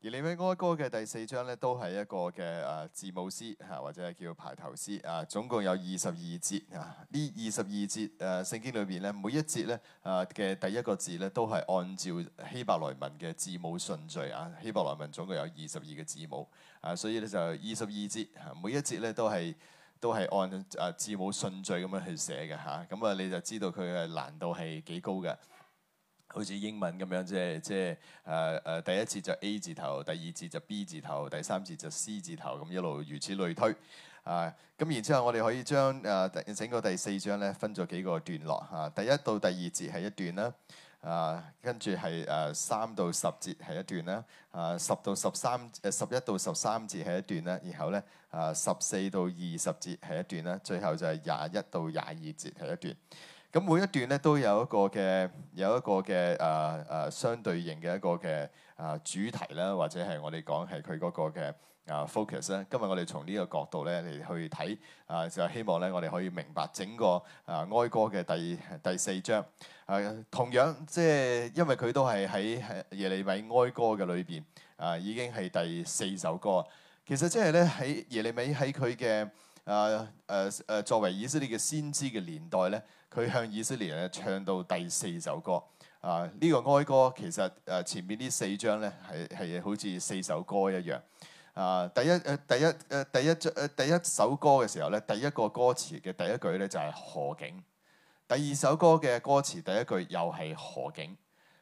而《耶利米哀歌》嘅第四章咧，都係一個嘅誒字母詩嚇，或者係叫排頭詩啊。總共有二十二節啊。呢二十二節誒聖經裏邊咧，每一節咧誒嘅第一個字咧，都係按照希伯來文嘅字母順序啊。希伯來文總共有二十二個字母啊，所以咧就二十二節啊，每一節咧都係都係按誒字母順序咁樣去寫嘅嚇。咁啊，你就知道佢嘅難度係幾高嘅。好似英文咁樣，即係即係誒誒，第一節就 A 字頭，第二節就 B 字頭，第三節就 C 字頭，咁一路如此類推。啊、呃，咁然之後我哋可以將誒、呃、整個第四章咧分咗幾個段落嚇、啊，第一到第二節係一段啦，啊，跟住係誒三到十節係一段啦，啊十到十三誒、呃、十一到十三節係一段啦，然後咧啊十四到二十節係一段啦，最後就係廿一到廿二節係一段。咁每一段咧都有一個嘅有一個嘅誒誒相對應嘅一個嘅啊主題啦，或者係我哋講係佢嗰個嘅啊 focus 咧。今日我哋從呢個角度咧嚟去睇啊，就係希望咧我哋可以明白整個啊哀歌嘅第第四章啊，同樣即係因為佢都係喺耶利米哀歌嘅裏邊啊，已經係第四首歌。其實即係咧喺耶利米喺佢嘅啊誒誒作為以色列嘅先知嘅年代咧。佢向以色列人咧唱到第四首歌啊！呢、這個哀歌其實誒前面呢四章咧係係好似四首歌一樣啊。第一誒、啊、第一誒、啊、第一章誒、啊、第一首歌嘅時候咧，第一個歌詞嘅第一句咧就係、是、何竟。第二首歌嘅歌詞第一句又係何竟，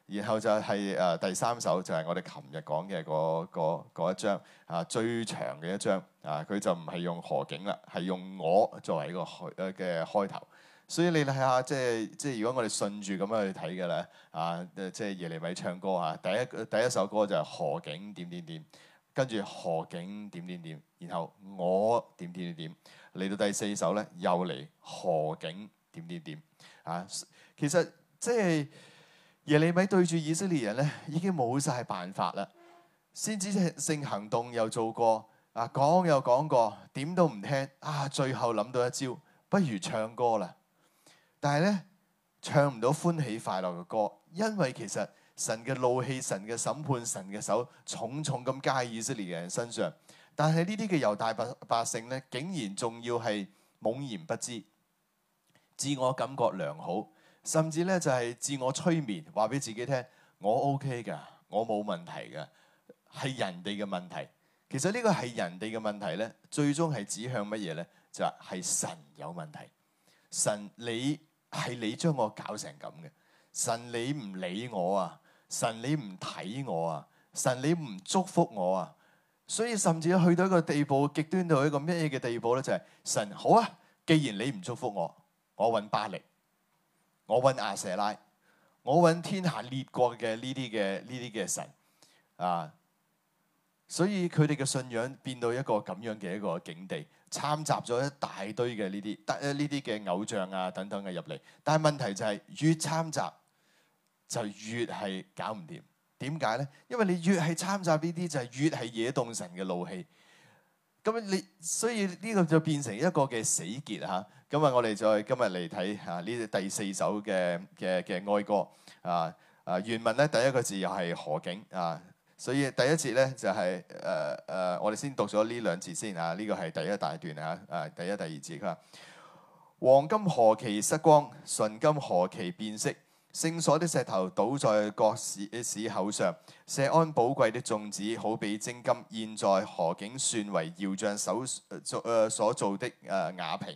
然後就係、是、誒、啊、第三首就係我哋琴日講嘅嗰一章啊，最長嘅一章啊，佢就唔係用何竟啦，係用我作為一個開嘅、啊、開頭。所以你睇下，即係即係，如果我哋順住咁樣去睇嘅咧，啊，即係耶利米唱歌啊，第一第一首歌就係、是、何竟點點點，跟住何，何竟點點點，然後我點點點，嚟到第四首咧，又嚟何竟點點點啊。其實即係耶利米對住以色列人咧，已經冇晒辦法啦，先知性行動又做過，啊講又講過，點都唔聽，啊最後諗到一招，不如唱歌啦。但係咧，唱唔到歡喜快樂嘅歌，因為其實神嘅怒氣、神嘅審判、神嘅手重重咁加喺以色列嘅人身上。但係呢啲嘅猶大百百姓咧，竟然仲要係懵然不知，自我感覺良好，甚至咧就係自我催眠，話俾自己聽：我 OK 噶，我冇問題噶，係人哋嘅問題。其實呢個係人哋嘅問題咧，最終係指向乜嘢咧？就係、是、神有問題，神你。係你將我搞成咁嘅，神你唔理我啊，神你唔睇我啊，神你唔祝福我啊，所以甚至去到一個地步，極端到一個咩嘅地步咧，就係、是、神好啊，既然你唔祝福我，我搵巴力，我搵亞舍拉，我搵天下列國嘅呢啲嘅呢啲嘅神啊。Uh, 所以佢哋嘅信仰變到一個咁樣嘅一個境地，參雜咗一大堆嘅呢啲，得呢啲嘅偶像啊等等嘅入嚟。但係問題就係越參雜，就越係搞唔掂。點解咧？因為你越係參雜呢啲，就係越係惹動神嘅怒氣。咁你所以呢個就變成一個嘅死結嚇。咁啊，我哋再今日嚟睇下呢第四首嘅嘅嘅哀歌啊啊，原文咧第一個字又係何景啊。所以第一節咧就係誒誒，我哋先讀咗呢兩節先嚇，呢個係第一大段嚇誒、啊，第一第二節佢話：黃金何其失光，純金何其變色，聖所的石頭倒在各市市口上，錫安寶貴的種子好比精金，現在何竟算為窯匠手做所做的誒瓦瓶？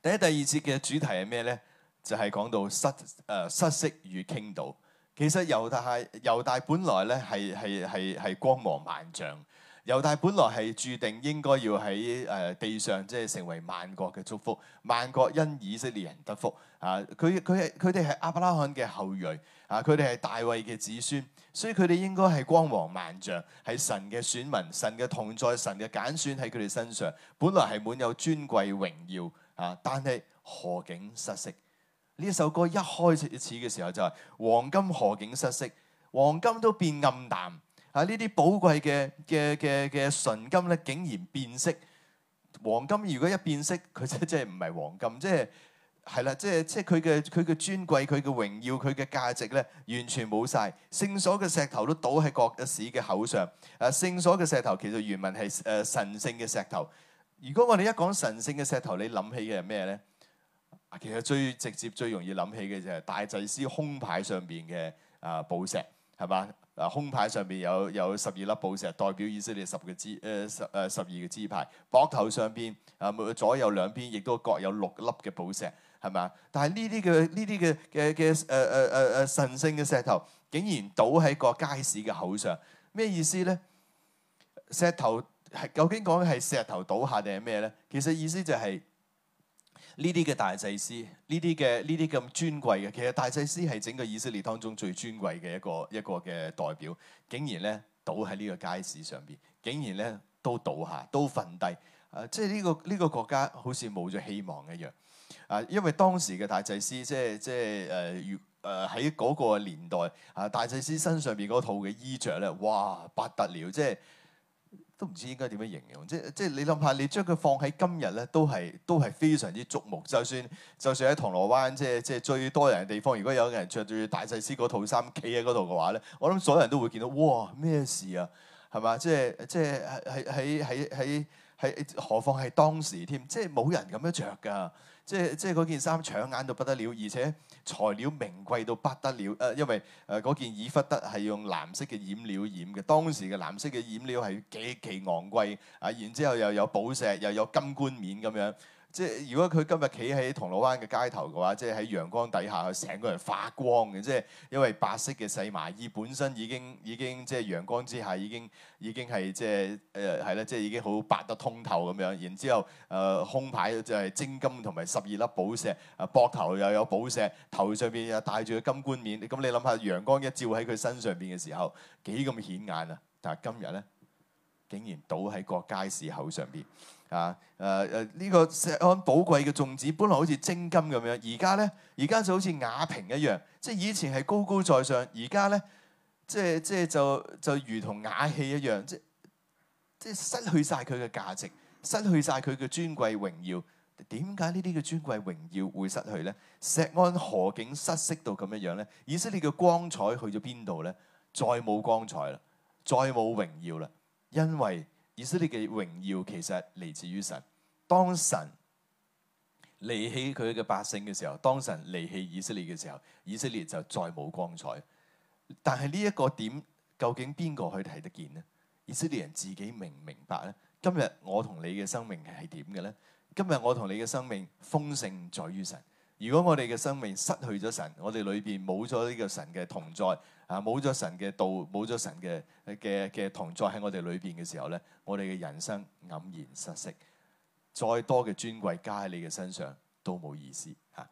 第一第二節嘅主題係咩咧？就係、是、講到失誒、呃、失色與傾倒。其實猶大係猶大，猶大本來咧係係係係光芒萬丈。猶大本來係注定應該要喺誒地上，即係成為萬國嘅祝福，萬國因以色列人得福。啊，佢佢係佢哋係亞伯拉罕嘅後裔，啊，佢哋係大衛嘅子孫，所以佢哋應該係光芒萬丈，係神嘅選民，神嘅同在，神嘅揀選喺佢哋身上，本來係滿有尊貴榮耀。啊，但係何竟失色。呢一首歌一開始始嘅時候就係黃金何竟失色，黃金都變暗淡。啊，呢啲寶貴嘅嘅嘅嘅純金咧，竟然變色。黃金如果一變色，佢即即係唔係黃金，即係係啦，即係即係佢嘅佢嘅尊貴，佢嘅榮耀，佢嘅價值咧，完全冇晒。聖所嘅石頭都倒喺各一市嘅口上。誒、啊，聖所嘅石頭其實原文係誒神聖嘅石頭。如果我哋一講神聖嘅石頭，你諗起嘅係咩咧？啊，其實最直接、最容易諗起嘅就係大祭司胸牌上邊嘅啊寶石，係嘛？啊，胸牌上邊有有十二粒寶石，代表意思你十個支、呃，誒十誒十二個支派，膊頭上邊啊、呃、左右兩邊亦都各有六粒嘅寶石，係咪？但係、呃呃、呢啲嘅呢啲嘅嘅嘅誒誒誒誒神聖嘅石頭，竟然倒喺個街市嘅口上，咩意思咧？石頭係究竟講係石頭倒下定係咩咧？其實意思就係、是。呢啲嘅大祭司，呢啲嘅呢啲咁尊貴嘅，其實大祭司係整個以色列當中最尊貴嘅一個一個嘅代表，竟然咧倒喺呢個街市上邊，竟然咧都倒下，都瞓低，誒、啊，即係呢個呢個國家好似冇咗希望一樣，啊，因為當時嘅大祭司，即係即係誒，如誒喺嗰個年代，啊，大祭司身上邊嗰套嘅衣着咧，哇，不得了，即係。都唔知應該點樣形容，即即係你諗下，你將佢放喺今日咧，都係都係非常之矚目。就算就算喺銅鑼灣，即即係最多人嘅地方，如果有人着住大祭司嗰套衫企喺嗰度嘅話咧，我諗所有人都會見到，哇，咩事啊？係嘛？即即係喺喺喺喺喺，何況係當時添，即係冇人咁樣着㗎。即係即係嗰件衫搶眼到不得了，而且材料名貴到不得了。誒、呃，因為誒嗰、呃、件以弗得係用藍色嘅染料染嘅，當時嘅藍色嘅染料係極其昂貴。啊，然之後又有寶石，又有金冠冕咁樣。即係如果佢今日企喺銅鑼灣嘅街頭嘅話，即係喺陽光底下，佢成個人發光嘅，即係因為白色嘅細麻衣本身已經已經即係陽光之下已經已經係即係誒係啦，即係、呃、已經好白得通透咁樣。然之後誒、呃、胸牌就係精金同埋十二粒寶石，誒膊頭又有寶石，頭上邊又戴住個金冠冕。咁你諗下陽光一照喺佢身上邊嘅時候，幾咁顯眼啊！但係今日咧，竟然倒喺個街市口上邊。啊！誒、啊、誒，呢、這個錫安寶貴嘅種子，本來好似精金咁樣，而家咧，而家就好似瓦瓶一樣，即係以前係高高在上，而家咧，即係即係就就如同瓦器一樣，即即失去晒佢嘅價值，失去晒佢嘅尊貴榮耀。點解呢啲嘅尊貴榮耀會失去咧？錫安何竟失色到咁樣樣咧？以色列嘅光彩去咗邊度咧？再冇光彩啦，再冇榮耀啦，因為。以色列嘅榮耀其實嚟自於神，當神離棄佢嘅百姓嘅時候，當神離棄以色列嘅時候，以色列就再冇光彩。但係呢一個點究竟邊個可以睇得見呢？以色列人自己明唔明白呢？今日我同你嘅生命係點嘅呢？今日我同你嘅生命豐盛在於神。如果我哋嘅生命失去咗神，我哋裏邊冇咗呢個神嘅同在。啊！冇咗神嘅道，冇咗神嘅嘅嘅同在喺我哋裏邊嘅時候咧，我哋嘅人生黯然失色。再多嘅尊貴加喺你嘅身上都冇意思。吓、啊，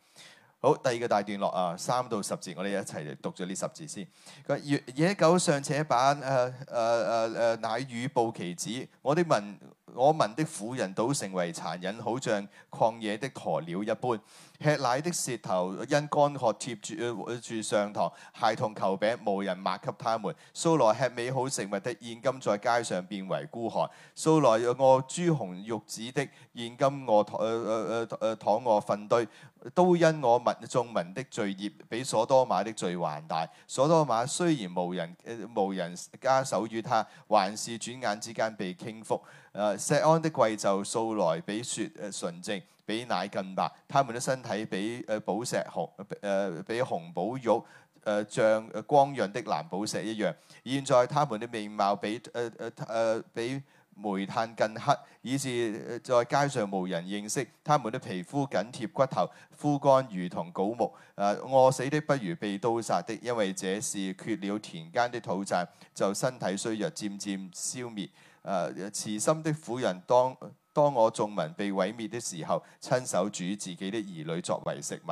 好，第二個大段落啊，三到十字。我哋一齊嚟讀咗呢十字先。佢野狗尚且把誒誒誒誒奶乳哺其子，我的民，我民的婦人倒成為殘忍，好像曠野的鴕鳥一般，吃奶的舌頭因乾渴貼住、呃、住上堂，孩童求餅無人抹給他們。素來吃美好食物的，現今在街上變為孤寒；素來餓朱紅玉子的，現今餓躺躺餓糞堆，都因我民眾民的罪孽，比所多瑪的罪還大。所多瑪雖然無人、呃、無人加手於他，還是轉眼之間被傾覆。誒錫、啊、安的貴冑素來比雪、呃、純淨，比奶更白。他們的身體比誒、呃、寶石紅誒、呃，比紅寶玉誒、呃、像光潤的藍寶石一樣。現在他們的面貌比誒誒誒比煤炭更黑，以致在街上無人認識。他們的皮膚緊貼骨頭，枯乾如同槁木。誒、呃、餓死的不如被刀殺的，因為這是缺了田間的土產，就身體衰弱，漸漸，漸消滅。誒、呃、慈心的婦人，當當我眾民被毀滅的時候，親手煮自己的兒女作為食物。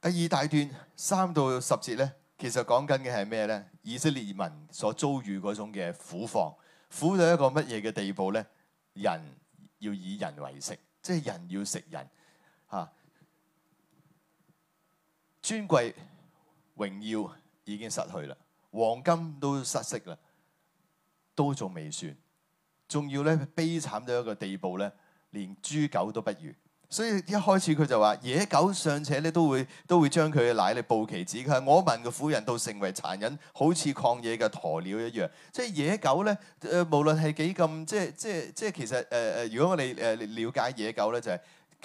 第二大段三到十節咧，其實講緊嘅係咩呢？以色列民所遭遇嗰種嘅苦況，苦到一個乜嘢嘅地步呢？人要以人為食，即係人要食人嚇、啊。尊貴榮耀已經失去啦。黃金都失色啦，都仲未算，仲要咧悲慘到一個地步咧，連豬狗都不如。所以一開始佢就話野狗尚且咧都會都會將佢嘅奶嚟哺其子。佢話我問個婦人都成為殘忍，好似曠野嘅鴕鳥一樣。即係野狗咧，誒無論係幾咁，即係即係即係其實誒誒，如果我哋誒瞭解野狗咧，就係、是、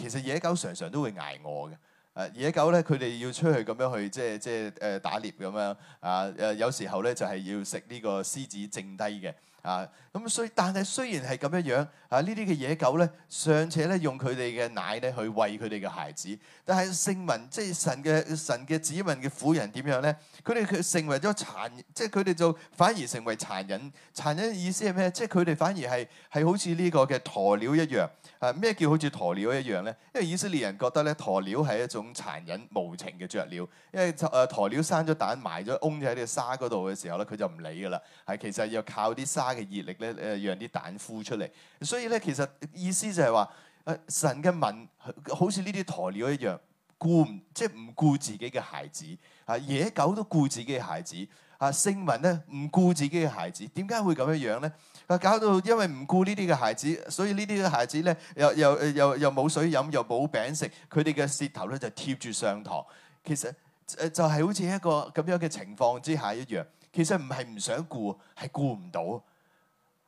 其實野狗常常都會挨餓嘅。誒野狗咧，佢哋要出去咁樣去，即係即係誒打獵咁樣啊！誒有時候咧就係要食呢個獅子剩低嘅。啊，咁所以但係雖然係咁樣樣，啊呢啲嘅野狗咧尚且咧用佢哋嘅奶咧去餵佢哋嘅孩子，但係聖民即係神嘅神嘅子民嘅婦人點樣咧？佢哋佢成為咗殘，即係佢哋就反而成為殘忍。殘忍嘅意思係咩？即係佢哋反而係係好似呢個嘅駝鳥一樣。啊咩叫好似駝鳥一樣咧？因為以色列人覺得咧駝鳥係一種殘忍無情嘅雀鳥，因為誒駝鳥生咗蛋埋咗咗喺個沙嗰度嘅時候咧，佢就唔理噶啦。係其實要靠啲沙。嘅熱力咧，誒讓啲蛋孵出嚟，所以咧其實意思就係話，誒神嘅民好似呢啲鴕鳥一樣顧唔即係唔顧自己嘅孩子。啊野狗都顧自己嘅孩子，啊聖民咧唔顧自己嘅孩子，點解會咁樣樣咧？啊搞到因為唔顧呢啲嘅孩子，所以呢啲嘅孩子咧又又又又冇水飲，又冇餅食，佢哋嘅舌頭咧就貼住上膛。其實誒就係好似一個咁樣嘅情況之下一樣，其實唔係唔想顧，係顧唔到。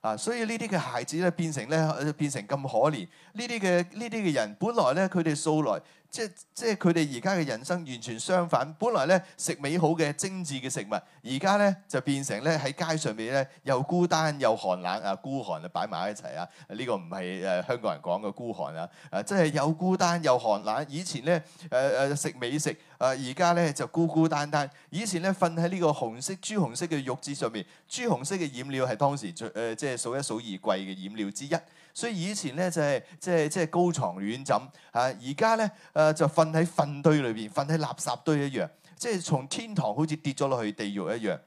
啊，所以呢啲嘅孩子咧，變成咧，變成咁可憐。呢啲嘅，呢啲嘅人，本來咧，佢哋素來。即係即係佢哋而家嘅人生完全相反，本來咧食美好嘅、精緻嘅食物，而家咧就變成咧喺街上面咧，又孤單又寒冷啊，孤寒啊擺埋一齊啊！呢、這個唔係誒香港人講嘅孤寒啊，誒即係又孤單又寒冷。以前咧誒誒食美食，誒而家咧就孤孤單單。以前咧瞓喺呢個紅色朱紅色嘅褥子上面，朱紅色嘅染料係當時誒、呃、即係數一數二貴嘅染料之一。所以以前咧就係即係即係高床軟枕嚇，而家咧誒就瞓喺糞堆裏邊，瞓喺垃圾堆一樣，即係從天堂好似跌咗落去地獄一樣。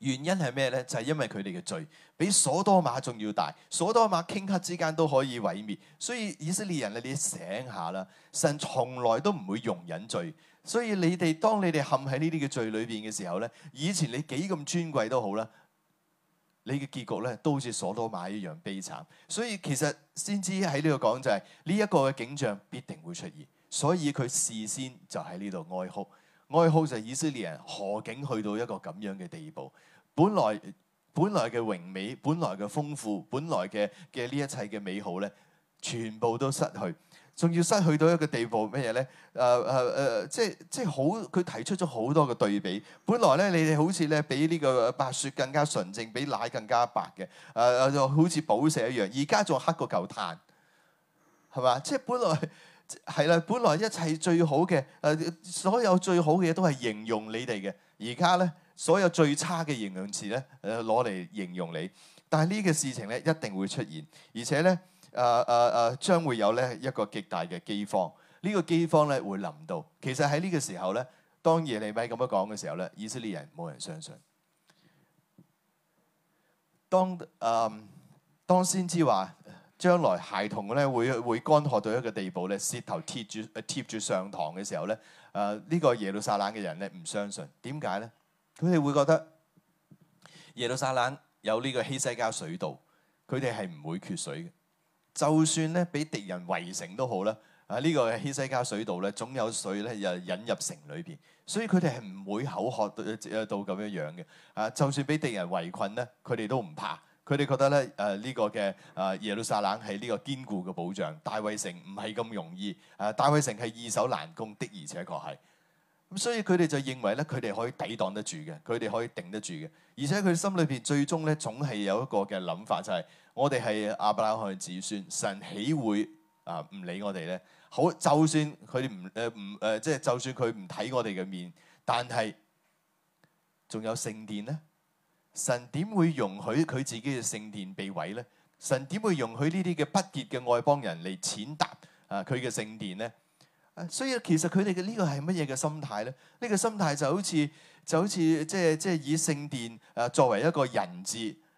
原因係咩咧？就係因為佢哋嘅罪比所多瑪仲要大，所多瑪頃刻之間都可以毀滅。所以以色列人啊，你醒下啦！神從來都唔會容忍罪，所以你哋當你哋陷喺呢啲嘅罪裏邊嘅時候咧，以前你幾咁尊貴都好啦。你嘅結局咧都好似索多瑪一樣悲慘，所以其實先知喺呢度講就係呢一個嘅景象必定會出現，所以佢事先就喺呢度哀哭，哀哭就係以色列人何竟去到一個咁樣嘅地步？本來本來嘅榮美，本來嘅豐富，本來嘅嘅呢一切嘅美好咧，全部都失去。仲要失去到一個地步咩嘢咧？誒誒誒，即係即係好，佢提出咗好多個對比。本來咧，你哋好似咧，比呢個白雪更加純淨，比奶更加白嘅，誒、呃、就好似寶石一樣。而家仲黑過嚿炭，係嘛？即係本來係啦，本來一切最好嘅誒、呃，所有最好嘅嘢都係形容你哋嘅。而家咧，所有最差嘅形容詞咧，誒、攞嚟形容你。但係呢個事情咧，一定會出現，而且咧。誒誒誒，uh, uh, uh, 將會有咧一個極大嘅饑荒。這個、荒呢個饑荒咧會臨到。其實喺呢個時候咧，當耶利米咁樣講嘅時候咧，以色列人冇人相信。當誒、uh, 當先知話將來孩童咧會會乾涸到一個地步咧，舌頭貼住貼住上膛嘅時候咧，誒、啊、呢、這個耶路撒冷嘅人咧唔相信點解咧？佢哋會覺得耶路撒冷有呢個希西家水道，佢哋係唔會缺水嘅。就算咧俾敵人圍城都好啦，啊、這、呢個希西家水道咧總有水咧又引入城裏邊，所以佢哋係唔會口渴到咁樣樣嘅。啊，就算俾敵人圍困咧，佢哋都唔怕，佢哋覺得咧誒呢個嘅誒耶路撒冷係呢個堅固嘅保障，大衛城唔係咁容易，誒大衛城係易守難攻的而確，而且確係。咁所以佢哋就認為咧，佢哋可以抵擋得住嘅，佢哋可以頂得住嘅，而且佢心裏邊最終咧總係有一個嘅諗法就係、是。我哋係亞伯拉罕嘅子孫，神豈會啊唔理我哋咧？好，就算佢哋唔誒唔誒，即、呃、係、呃呃就係、就算佢唔睇我哋嘅面，但係仲有聖殿咧，神點會容許佢自己嘅聖殿被毀咧？神點會容許呢啲嘅不潔嘅外邦人嚟踐踏啊佢嘅聖殿咧？所以其實佢哋嘅呢個係乜嘢嘅心態咧？呢、呢個心態就好似就好似即係即係以聖殿啊作為一個人質。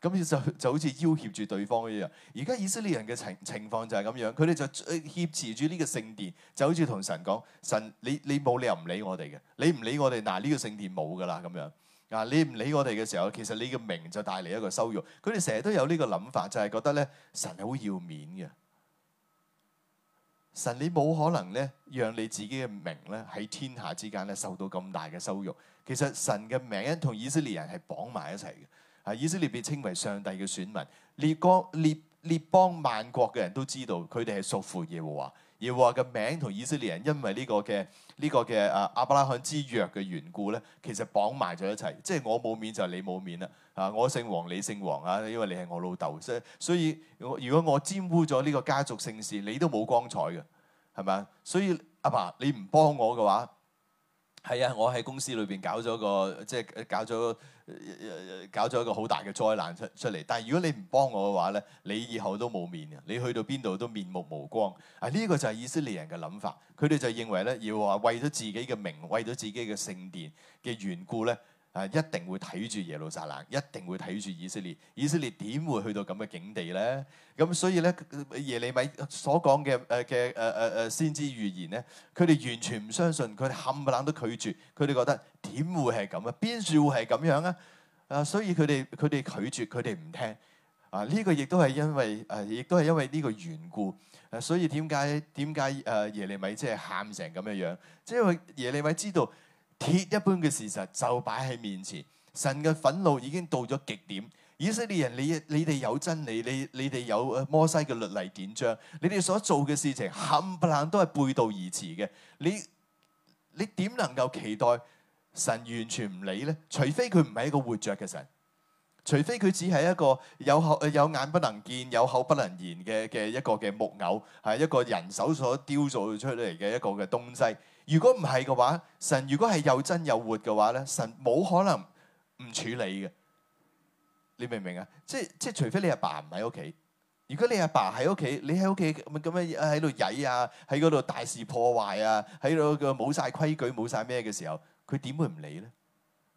咁就就好似要挾住對方一樣。而家以色列人嘅情情況就係咁樣，佢哋就挾持住呢個聖殿，就好似同神講：神，你你冇理由唔理我哋嘅，你唔理我哋，嗱呢個聖殿冇噶啦咁樣。啊，這個、你唔理我哋嘅時候，其實你嘅名就帶嚟一個羞辱。佢哋成日都有呢個諗法，就係、是、覺得咧，神係好要面嘅。神，你冇可能咧，讓你自己嘅名咧喺天下之間咧受到咁大嘅羞辱。其實神嘅名同以色列人係綁埋一齊嘅。係以色列被稱為上帝嘅選民，列邦列列邦萬國嘅人都知道，佢哋係屬乎耶和華。耶和華嘅名同以色列人，因為呢個嘅呢個嘅阿伯拉罕之約嘅緣故咧，其實綁埋咗一齊，即係我冇面就係你冇面啦。啊，我姓王，你姓王啊，因為你係我老豆，所以如果我沾污咗呢個家族姓氏，你都冇光彩嘅，係咪？所以阿爸，你唔幫我嘅話。係啊，我喺公司裏邊搞咗個，即係搞咗搞咗一個好大嘅災難出出嚟。但係如果你唔幫我嘅話咧，你以後都冇面啊！你去到邊度都面目無光啊！呢、呢個就係以色列人嘅諗法。佢哋就認為咧，要話為咗自己嘅名，為咗自己嘅聖殿嘅緣故咧。啊！一定會睇住耶路撒冷，一定會睇住以色列。以色列點會去到咁嘅境地咧？咁所以咧，耶利米所講嘅誒嘅誒誒誒先知預言咧，佢哋完全唔相信，佢哋冚唪唥都拒絕。佢哋覺得點會係咁啊？邊處會係咁樣啊、這個？啊！所以佢哋佢哋拒絕，佢哋唔聽。啊！呢個亦都係因為誒，亦都係因為呢個緣故。誒，所以點解點解誒耶利米即係喊成咁嘅樣？即係因為耶利米知道。鐵一般嘅事實就擺喺面前，神嘅憤怒已經到咗極點。以色列人，你你哋有真理，你你哋有摩西嘅律例典章，你哋所做嘅事情冚唪唥都係背道而馳嘅。你你點能夠期待神完全唔理呢？除非佢唔係一個活着嘅神，除非佢只係一個有口有眼不能見、有口不能言嘅嘅一個嘅木偶，係一個人手所雕造出嚟嘅一個嘅東西。如果唔係嘅話，神如果係又真又活嘅話咧，神冇可能唔處理嘅。你明唔明啊？即係即係除非你阿爸唔喺屋企。如果你阿爸喺屋企，你喺屋企咁樣喺度曳啊，喺嗰度大肆破壞啊，喺度個冇晒規矩冇晒咩嘅時候，佢點會唔理咧？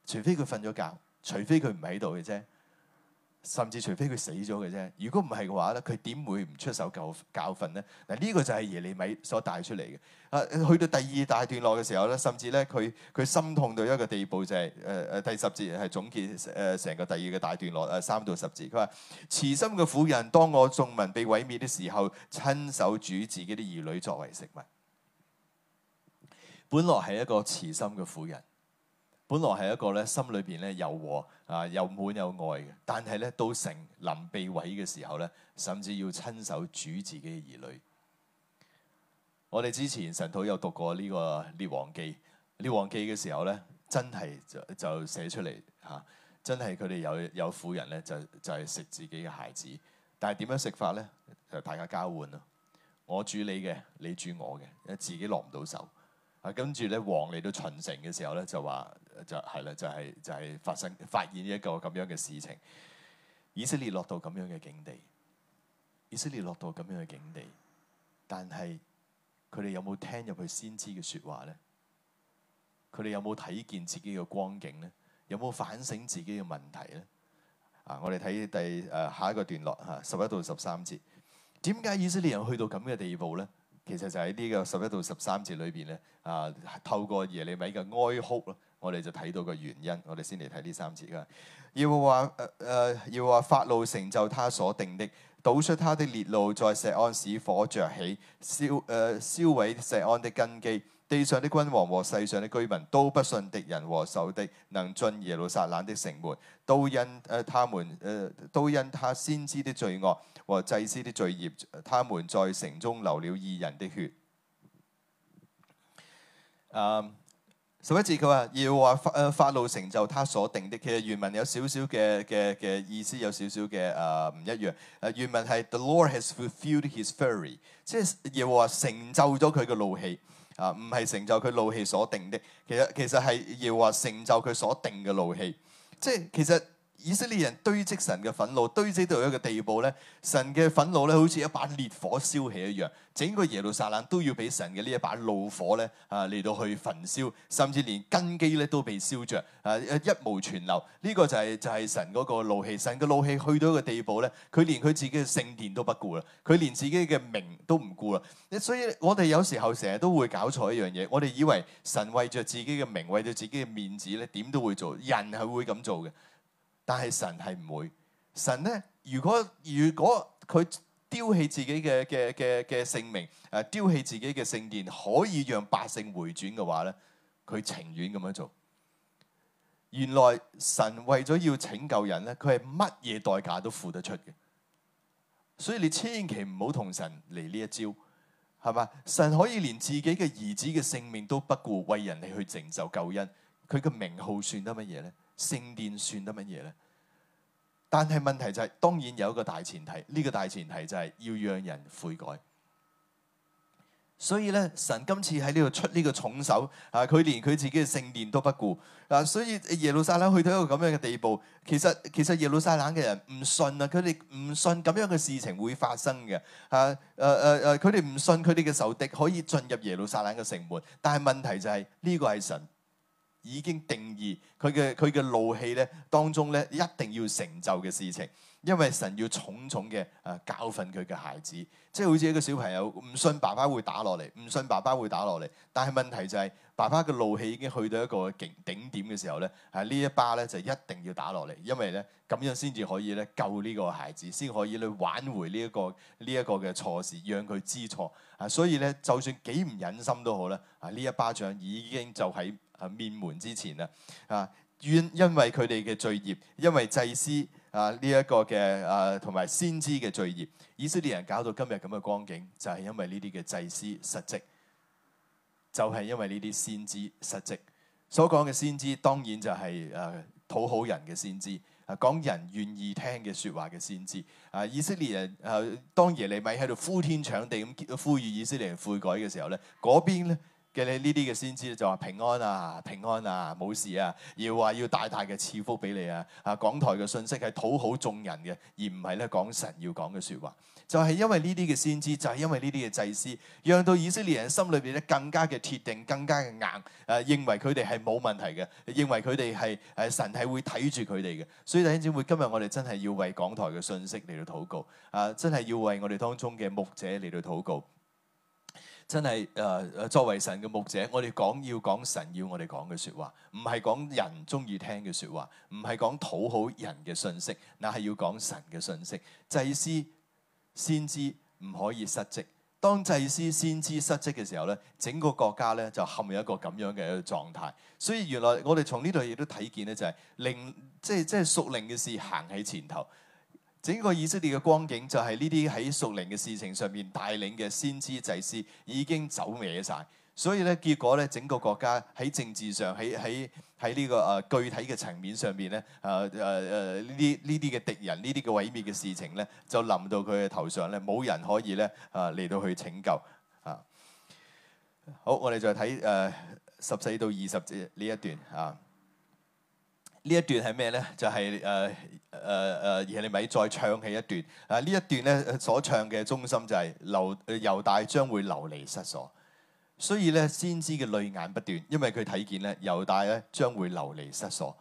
除非佢瞓咗覺，除非佢唔喺度嘅啫。甚至除非佢死咗嘅啫，如果唔係嘅話咧，佢點會唔出手教教訓咧？嗱，呢個就係耶利米所帶出嚟嘅。啊，去到第二大段落嘅時候咧，甚至咧，佢佢心痛到一個地步、就是，就係誒誒第十節係總結誒成個第二個大段落誒、呃、三到十字。佢話慈心嘅婦人，當我眾民被毀滅的時候，親手煮自己啲兒女作為食物，本來係一個慈心嘅婦人。本來係一個咧，心裏邊咧有和啊又滿有愛嘅，但係咧到成臨被毀嘅時候咧，甚至要親手煮自己嘅兒女。我哋之前神土有讀過呢、這個《列王記》《列王記》嘅時候咧，真係就就寫出嚟，吓，真係佢哋有有婦人咧就就係、是、食自己嘅孩子，但係點樣食法咧就大家交換咯。我煮你嘅，你煮我嘅，自己落唔到手啊。跟住咧王嚟到巡城嘅時候咧就話。就係啦，就係就係發生發現一個咁樣嘅事情。以色列落到咁樣嘅境地，以色列落到咁樣嘅境地，但係佢哋有冇聽入去先知嘅説話咧？佢哋有冇睇見自己嘅光景咧？有冇反省自己嘅問題咧？啊！我哋睇第誒、啊、下一個段落嚇、啊，十一到十三節。點解以色列人去到咁嘅地步咧？其實就喺呢個十一到十三節裏邊咧啊，透過耶利米嘅哀哭。我哋就睇到個原因，我哋先嚟睇呢三節啦。要話誒誒，要話法路成就他所定的，倒出他的烈怒，在錫安使火着起，燒誒、呃、燒毀錫安的根基。地上的君王和世上的居民都不信敵人和仇敵，能進耶路撒冷的城門，都因誒、呃、他們誒，都、呃、因他先知的罪惡和祭司的罪孽。他們在城中流了義人的血。Um, 十一字，佢話，耶和華誒發怒成就他所定的。其實原文有少少嘅嘅嘅意思，有小小，有少少嘅誒唔一樣。誒原文係 The Lord has fulfilled His fury，即係耶和華成就咗佢嘅怒氣。啊，唔係成就佢怒氣所定的。其實其實係耶和華成就佢所定嘅怒氣。即係其實。以色列人堆積神嘅憤怒，堆積到一個地步咧，神嘅憤怒咧，好似一把烈火燒起一樣，整個耶路撒冷都要俾神嘅呢一把怒火咧啊嚟到去焚燒，甚至連根基咧都被燒着，啊，一無存留。呢個就係就係神嗰個怒氣，神嘅怒氣去到一個地步咧，佢連佢自己嘅聖殿都不顧啦，佢連自己嘅名都唔顧啦。所以我哋有時候成日都會搞錯一樣嘢，我哋以為神為着自己嘅名，為著自己嘅面子咧，點都會做，人係會咁做嘅。但係神係唔會，神咧，如果如果佢丟棄自己嘅嘅嘅嘅性命，誒丟棄自己嘅聖殿，可以讓百姓回轉嘅話咧，佢情願咁樣做。原來神為咗要拯救人咧，佢係乜嘢代價都付得出嘅。所以你千祈唔好同神嚟呢一招，係嘛？神可以連自己嘅兒子嘅性命都不顧，為人哋去成就救恩，佢嘅名號算得乜嘢咧？聖殿算得乜嘢咧？但係問題就係，當然有一個大前提，呢個大前提就係要讓人悔改。所以咧，神今次喺呢度出呢個重手，啊，佢連佢自己嘅聖殿都不顧嗱，啊，所以耶路撒冷去到一個咁樣嘅地步，其實其實耶路撒冷嘅人唔信啊，佢哋唔信咁樣嘅事情會發生嘅，啊，誒誒誒，佢哋唔信佢哋嘅仇敵可以進入耶路撒冷嘅城門，但係問題就係，呢個係神。已經定義佢嘅佢嘅怒氣咧，當中咧一定要成就嘅事情，因為神要重重嘅誒、呃、教訓佢嘅孩子，即係好似一個小朋友唔信爸爸會打落嚟，唔信爸爸會打落嚟。但係問題就係、是、爸爸嘅怒氣已經去到一個極頂點嘅時候咧，啊，一呢一巴咧就一定要打落嚟，因為咧咁樣先至可以咧救呢個孩子，先可以去挽回呢、呢、一個呢一、呢個嘅錯事，讓佢知錯。啊，所以咧就算幾唔忍心都好咧，啊呢一巴掌已經就喺面門之前啊，啊，因因為佢哋嘅罪孽，因為祭司啊呢一個嘅啊同埋先知嘅罪孽，以色列人搞到今日咁嘅光景，就係、是、因為呢啲嘅祭司失職，就係、是、因為呢啲先知失職。所講嘅先知當然就係誒討好人嘅先知，啊，講人願意聽嘅説話嘅先知。啊，以色列人誒、啊、當耶利米喺度呼天搶地咁呼籲以色列人悔改嘅時候咧，嗰邊咧。嘅你呢啲嘅先知就話平安啊，平安啊冇事啊，要話要大大嘅賜福俾你啊！啊，港台嘅信息係討好眾人嘅，而唔係咧講神要講嘅説話。就係、是、因為呢啲嘅先知，就係、是、因為呢啲嘅祭司，讓到以色列人心裏邊咧更加嘅鐵定，更加嘅硬，誒認為佢哋係冇問題嘅，認為佢哋係誒神係會睇住佢哋嘅。所以弟兄姊妹，今日我哋真係要為港台嘅信息嚟到禱告，啊，真係要為我哋當中嘅牧者嚟到禱告。真係誒誒，作為神嘅牧者，我哋講要講神要我哋講嘅説話，唔係講人鍾意聽嘅説話，唔係講討好人嘅信息，那係要講神嘅信息。祭司先知唔可以失職，當祭司先知失職嘅時候咧，整個國家咧就陷入一個咁樣嘅一個狀態。所以原來我哋從呢度亦都睇見咧，就係、是、令即係即係屬靈嘅事行喺前頭。整個以色列嘅光景就係呢啲喺屬靈嘅事情上面帶領嘅先知祭司已經走歪晒。所以咧，結果咧，整個國家喺政治上，喺喺喺呢個誒、呃、具體嘅層面上面咧誒誒誒呢啲呢啲嘅敵人呢啲嘅毀滅嘅事情咧，就臨到佢嘅頭上咧，冇人可以咧啊嚟到去拯救啊。好，我哋再睇誒、呃、十四到二十呢一段啊。呢一段係咩咧？就係誒誒誒耶利米再唱起一段。啊，呢一段咧所唱嘅中心就係流猶大將會流離失所，所以咧先知嘅淚眼不斷，因為佢睇見咧猶大咧將會流離失所。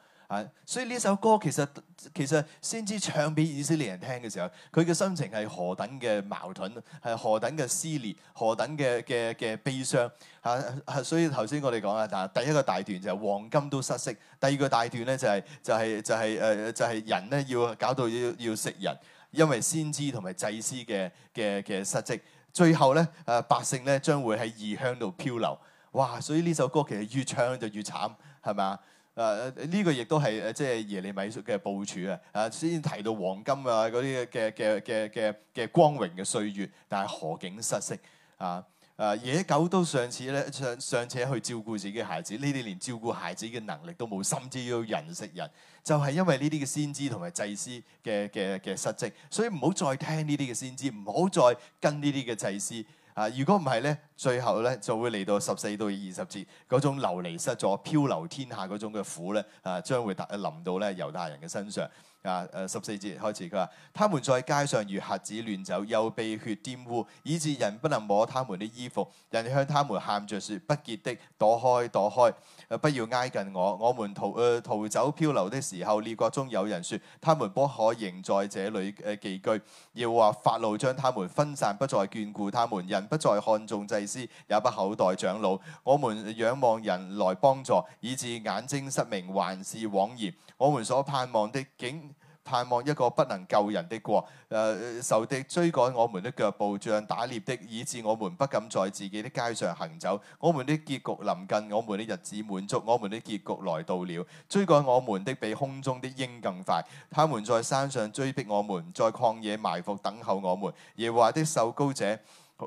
所以呢首歌其實其實先知唱俾以色列人聽嘅時候，佢嘅心情係何等嘅矛盾，係何等嘅撕裂，何等嘅嘅嘅悲傷。啊！所以頭先我哋講啊，第一個大段就係黃金都失色，第二個大段咧就係就係就係誒就係人咧要搞到要要食人，因為先知同埋祭司嘅嘅嘅失職。最後咧誒百姓咧將會喺異鄉度漂流。哇！所以呢首歌其實越唱就越慘，係咪啊？誒誒呢個亦都係誒即係耶利米嘅部署啊！啊、uh, 先提到黃金啊嗰啲嘅嘅嘅嘅嘅光榮嘅歲月，但係何景失色啊！誒、uh, 野狗都尚且咧上尚且去照顧自己嘅孩子，呢啲連照顧孩子嘅能力都冇，甚至要人食人，就係、是、因為呢啲嘅先知同埋祭司嘅嘅嘅失職，所以唔好再聽呢啲嘅先知，唔好再跟呢啲嘅祭司。啊！如果唔係咧，最後咧就會嚟到十四到二十節嗰種流離失所、漂流天下嗰種嘅苦咧，啊將會達臨到咧猶大人嘅身上。啊！誒十四節開始，佢話：他們在街上如瞎子亂走，又被血玷污，以致人不能摸他們的衣服。人向他們喊着説：不潔的，躲開，躲開、呃！不要挨近我。我們逃誒、呃、逃走漂流的時候，列國中有人説：他們不可仍在這裏誒、呃、寄居，耶和華發怒將他們分散，不再眷顧他們。人不再看重祭司，也不厚待長老。我們仰望人來幫助，以致眼睛失明，還是枉然。我們所盼望的，竟盼望一個不能救人的國。誒、呃，受的追趕我們的腳步像打獵的，以致我們不敢在自己的街上行走。我們的結局臨近，我們的日子滿足，我們的結局來到了。追趕我們的比空中的鷹更快，他們在山上追逼我們，在曠野埋伏等候我們。耶和華的受膏者，誒、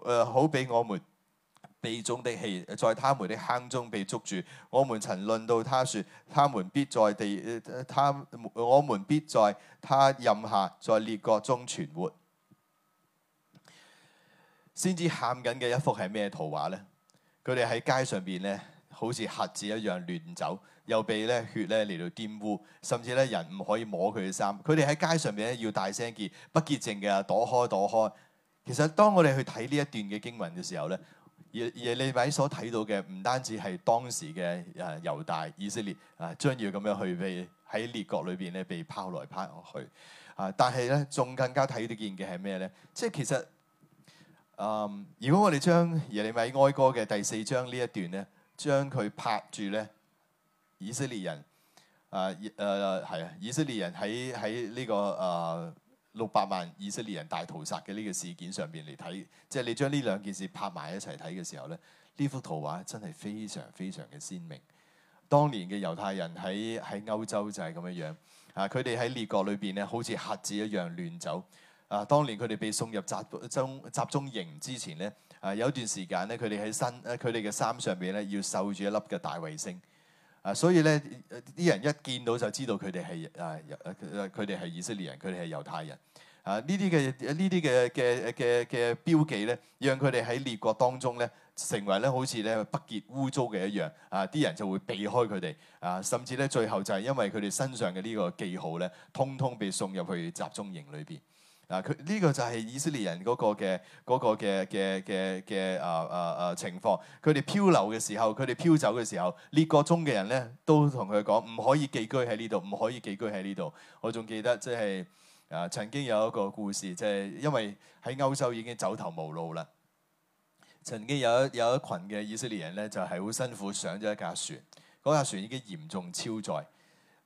呃，好比我們。地中的氣，在他們的坑中被捉住。我們曾論到他說，說他們必在地，他我們必在他任下，在列國中存活。先知喊緊嘅一幅係咩圖畫咧？佢哋喺街上邊咧，好似瞎子一樣亂走，又被咧血咧嚟到玷污，甚至咧人唔可以摸佢嘅衫。佢哋喺街上邊咧要大聲叫不潔淨嘅，躲開躲開。其實當我哋去睇呢一段嘅經文嘅時候咧。耶利米所睇到嘅唔單止係當時嘅誒猶大以色列啊，將要咁樣去被喺列國裏邊咧被拋來拋去啊，但係咧仲更加睇得見嘅係咩咧？即係其實，嗯，如果我哋將耶利米哀歌嘅第四章呢一段咧，將佢拍住咧，以色列人啊，誒係啊，以色列人喺喺呢個啊。呃六百萬以色列人大屠殺嘅呢個事件上邊嚟睇，即係你將呢兩件事拍埋一齊睇嘅時候咧，呢幅圖畫真係非常非常嘅鮮明。當年嘅猶太人喺喺歐洲就係咁樣樣，啊，佢哋喺列國裏邊咧好似瞎子一樣亂走。啊，當年佢哋被送入集中集中營之前咧，啊有一段時間咧，佢哋喺衫，佢哋嘅衫上邊咧要繡住一粒嘅大衛星。啊，所以咧，啲人一見到就知道佢哋係啊，佢哋係以色列人，佢哋係猶太人。啊，呢啲嘅呢啲嘅嘅嘅嘅標記咧，讓佢哋喺列國當中咧，成為咧好似咧不潔污糟嘅一樣。啊，啲人就會避開佢哋。啊，甚至咧最後就係因為佢哋身上嘅呢個記號咧，通通被送入去集中營裏邊。嗱，佢呢個就係以色列人嗰個嘅嗰嘅嘅嘅嘅嘅啊啊情況。佢哋漂流嘅時候，佢哋漂走嘅時候，列國中嘅人咧都同佢講唔可以寄居喺呢度，唔可以寄居喺呢度。我仲記得即係、就是、啊，曾經有一個故事，即、就、係、是、因為喺歐洲已經走投無路啦。曾經有一有一群嘅以色列人咧，就係、是、好辛苦上咗一架船，嗰架船已經嚴重超載，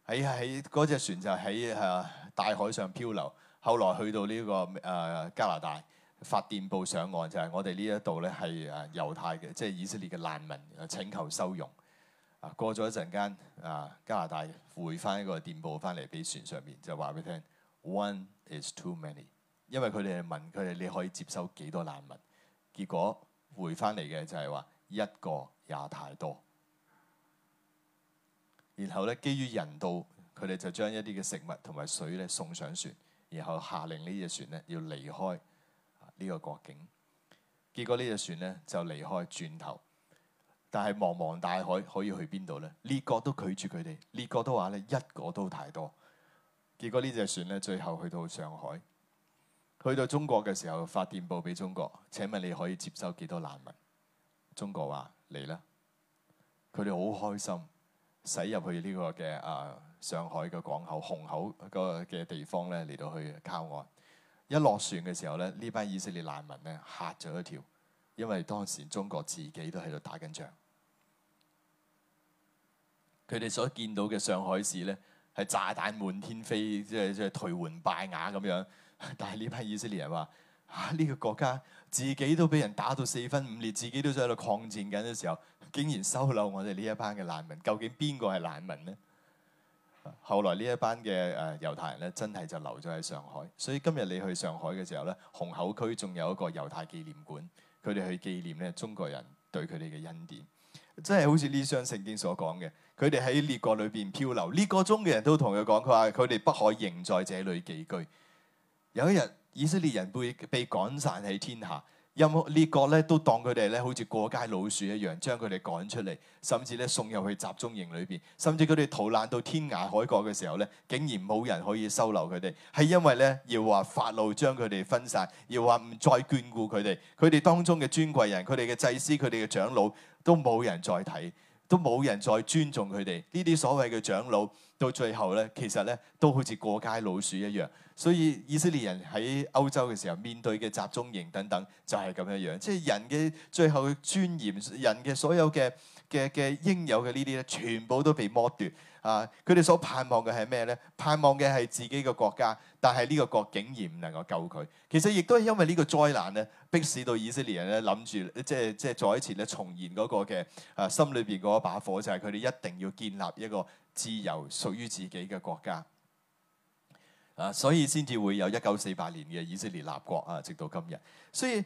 喺喺嗰隻船就喺啊大海上漂流。後來去到呢、這個誒、呃、加拿大發電報上岸，就係、是、我哋呢一度咧係誒猶太嘅，即、就、係、是、以色列嘅難民請求收容。啊，過咗一陣間啊，加拿大回翻一個電報翻嚟俾船上面，就話俾你聽 One is too many，因為佢哋係問佢哋你可以接收幾多難民。結果回翻嚟嘅就係話一個也太多。然後咧，基於人道，佢哋就將一啲嘅食物同埋水咧送上船。然後下令呢隻船咧要離開呢個國境，結果呢隻船咧就離開轉頭，但係茫茫大海可以去邊度咧？列國都拒絕佢哋，列國都話咧一個都太多。結果呢隻船咧最後去到上海，去到中國嘅時候發電報俾中國，請問你可以接收幾多難民？中國話嚟啦，佢哋好開心，駛入去呢個嘅啊。Uh, 上海嘅港口、虹口嗰個嘅地方咧，嚟到去靠岸。一落船嘅時候咧，呢班以色列難民咧嚇咗一跳，因為當時中國自己都喺度打緊仗，佢哋所見到嘅上海市咧係炸彈滿天飛，即係即係頹垣敗瓦咁樣。但係呢班以色列人話，啊，呢、呢個國家自己都俾人打到四分五裂，自己都在喺度抗戰緊嘅時候，竟然收留我哋呢一班嘅難民，究竟邊個係難民呢？後來呢一班嘅誒猶太人咧，真係就留咗喺上海，所以今日你去上海嘅時候咧，虹口區仲有一個猶太紀念館，佢哋去紀念咧中國人對佢哋嘅恩典，真係好似呢章聖經所講嘅，佢哋喺列國裏邊漂流，列國中嘅人都同佢講，佢話佢哋不可仍在這裏寄居，有一日以色列人會被趕散喺天下。任何列國咧，都當佢哋咧好似過街老鼠一樣，將佢哋趕出嚟，甚至咧送入去集中營裏邊。甚至佢哋逃難到天涯海角嘅時候咧，竟然冇人可以收留佢哋，係因為咧要話發怒將佢哋分散，要話唔再眷顧佢哋。佢哋當中嘅尊貴人，佢哋嘅祭司，佢哋嘅長老，都冇人再睇，都冇人再尊重佢哋。呢啲所謂嘅長老。到最後咧，其實咧都好似過街老鼠一樣，所以以色列人喺歐洲嘅時候面對嘅集中營等等，就係咁樣樣，即係人嘅最後嘅尊嚴，人嘅所有嘅嘅嘅應有嘅呢啲咧，全部都被剝奪。啊！佢哋所盼望嘅係咩咧？盼望嘅係自己嘅國家，但係呢個國竟然唔能夠救佢。其實亦都係因為呢個災難咧，迫使到以色列人咧諗住，即係即係再一次咧重現嗰個嘅啊心裏邊嗰一把火，就係佢哋一定要建立一個自由屬於自己嘅國家。啊，所以先至會有一九四八年嘅以色列立國啊，直到今日。所以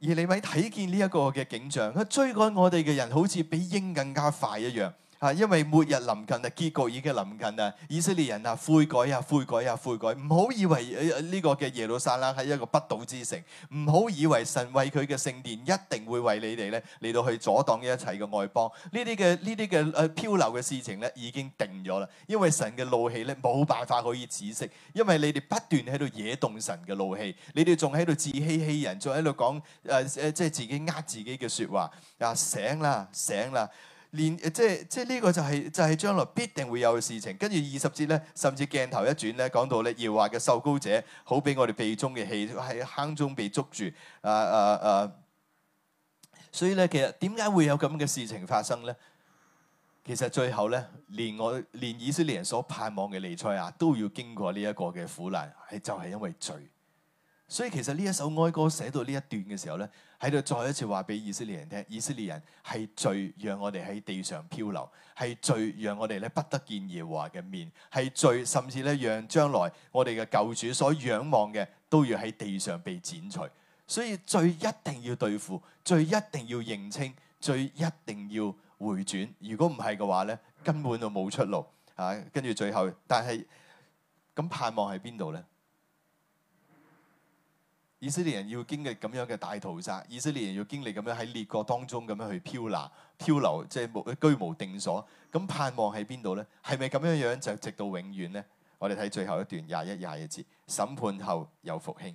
耶利米睇見呢一個嘅景象，佢追趕我哋嘅人好似比鷹更加快一樣。啊！因為末日臨近啊，結局已經臨近啊，以色列人啊，悔改啊，悔改啊，悔改！唔好以為呢個嘅耶路撒冷係一個不倒之城，唔好以為神為佢嘅聖殿一定會為你哋咧嚟到去阻擋呢一切嘅外邦。呢啲嘅呢啲嘅誒漂流嘅事情咧已經定咗啦，因為神嘅怒氣咧冇辦法可以止息，因為你哋不斷喺度惹動神嘅怒氣，你哋仲喺度自欺欺人，仲喺度講誒誒，即係自己呃自己嘅説話。啊，醒啦，醒啦！連即係即係呢、這個就係、是、就係、是、將來必定會有嘅事情。跟住二十節咧，甚至鏡頭一轉咧，講到咧耶和華嘅受膏者好，好比我哋鼻中嘅氣喺坑中被捉住。啊啊啊！所以咧，其實點解會有咁嘅事情發生咧？其實最後咧，連我連以色列人所盼望嘅彌賽亞都要經過呢一個嘅苦難，係就係、是、因為罪。所以其實呢一首哀歌寫到呢一段嘅時候呢，喺度再一次話俾以色列人聽：以色列人係罪讓我哋喺地上漂流；係罪讓我哋咧不得見耶和華嘅面；係罪甚至咧讓將來我哋嘅舊主所仰望嘅都要喺地上被剪除。所以罪一定要對付，罪一定要認清，罪一定要回轉。如果唔係嘅話呢，根本就冇出路。嚇、啊，跟住最後，但係咁盼望喺邊度呢？以色列人要經歷咁樣嘅大屠殺，以色列人要經歷咁樣喺列國當中咁樣去漂泊、漂流，即係無居無定所。咁盼望喺邊度咧？係咪咁樣樣就直到永遠咧？我哋睇最後一段廿一廿二節，審判後有復興。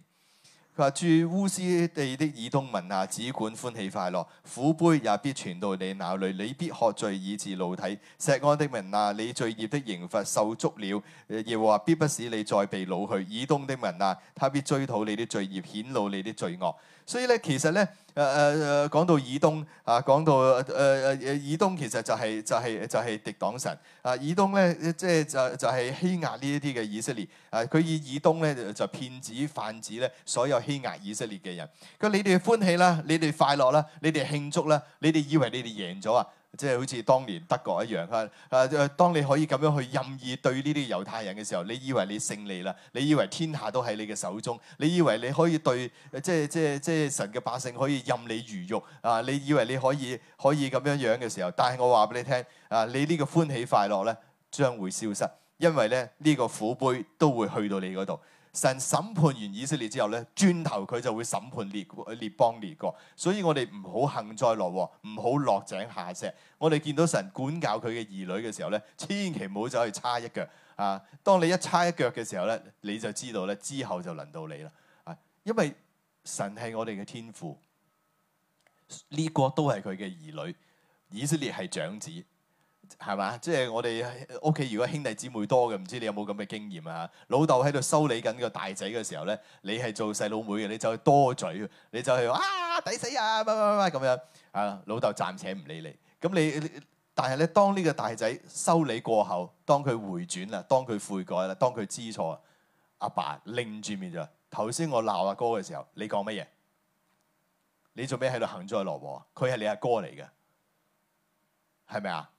佢話，住烏斯地的以東民啊，只管歡喜快樂，苦杯也必傳到你那裏，你必喝醉以致老體。錫安的民啊，你罪孽的刑罰受足了，耶和華必不使你再被老去。以東的民啊，他必追討你的罪孽，顯露你的罪惡。所以咧，其實咧，誒誒誒，講到以東啊，講到誒誒誒，以東其實就係就係就係敵擋神啊！以東咧，即係就就係欺壓呢一啲嘅以色列啊！佢以以東咧就就騙子、泛指咧，所有欺壓以色列嘅人。佢你哋歡喜啦，你哋快樂啦，你哋慶祝啦，你哋以為你哋贏咗啊！即係好似當年德國一樣，啊啊！當你可以咁樣去任意對呢啲猶太人嘅時候，你以為你勝利啦，你以為天下都喺你嘅手中，你以為你可以對，即係即係即係神嘅百姓可以任你魚肉，啊！你以為你可以可以咁樣樣嘅時候，但係我話俾你聽啊！你呢個歡喜快樂咧，將會消失，因為咧呢個苦杯都會去到你嗰度。神審判完以色列之後咧，轉頭佢就會審判列列邦列國，所以我哋唔好幸災樂禍，唔好落井下石。我哋見到神管教佢嘅兒女嘅時候咧，千祈唔好走去叉一腳啊！當你一叉一腳嘅時候咧，你就知道咧，之後就輪到你啦啊！因為神係我哋嘅天父，列國都係佢嘅兒女，以色列係長子。係嘛？即係我哋屋企如果兄弟姊妹多嘅，唔知你有冇咁嘅經驗啊？老豆喺度修理緊個大仔嘅時候咧，你係做細佬妹嘅，你就去多嘴，你就去話啊抵死啊，乜乜乜咁樣啊！老豆暫且唔理你，咁你，你但係咧，當呢個大仔修理過後，當佢回轉啦，當佢悔改啦，當佢知錯，阿爸擰住面就話：頭先我鬧阿哥嘅時候，你講乜嘢？你做咩喺度幸災樂禍啊？佢係你阿哥嚟嘅，係咪啊？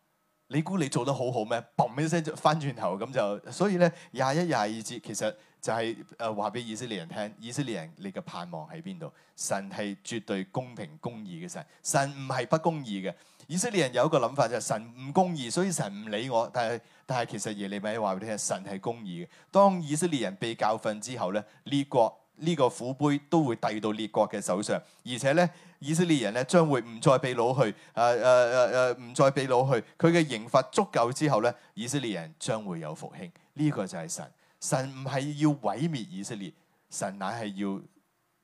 你估你做得好好咩？嘣一聲就翻轉頭咁就，所以咧廿一廿二節其實就係誒話俾以色列人聽，以色列人你嘅盼望喺邊度？神係絕對公平公義嘅神，神唔係不公義嘅。以色列人有一個諗法就係神唔公義，所以神唔理我。但係但係其實耶利米話俾你聽，神係公義嘅。當以色列人被教訓之後咧，列國呢個苦杯都會遞到列國嘅手上，而且咧。以色列人咧，將會唔再被老去，誒誒誒誒，唔再被老去。佢嘅刑罰足夠之後咧，以色列人將會有復興。呢個就係神，神唔係要毀滅以色列，神乃係要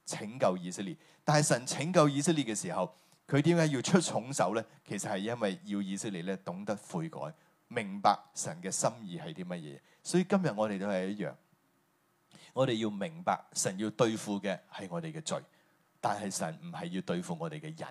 拯救以色列。但係神拯救以色列嘅時候，佢點解要出重手咧？其實係因為要以色列咧懂得悔改，明白神嘅心意係啲乜嘢。所以今日我哋都係一樣，我哋要明白神要對付嘅係我哋嘅罪。但係神唔係要對付我哋嘅人，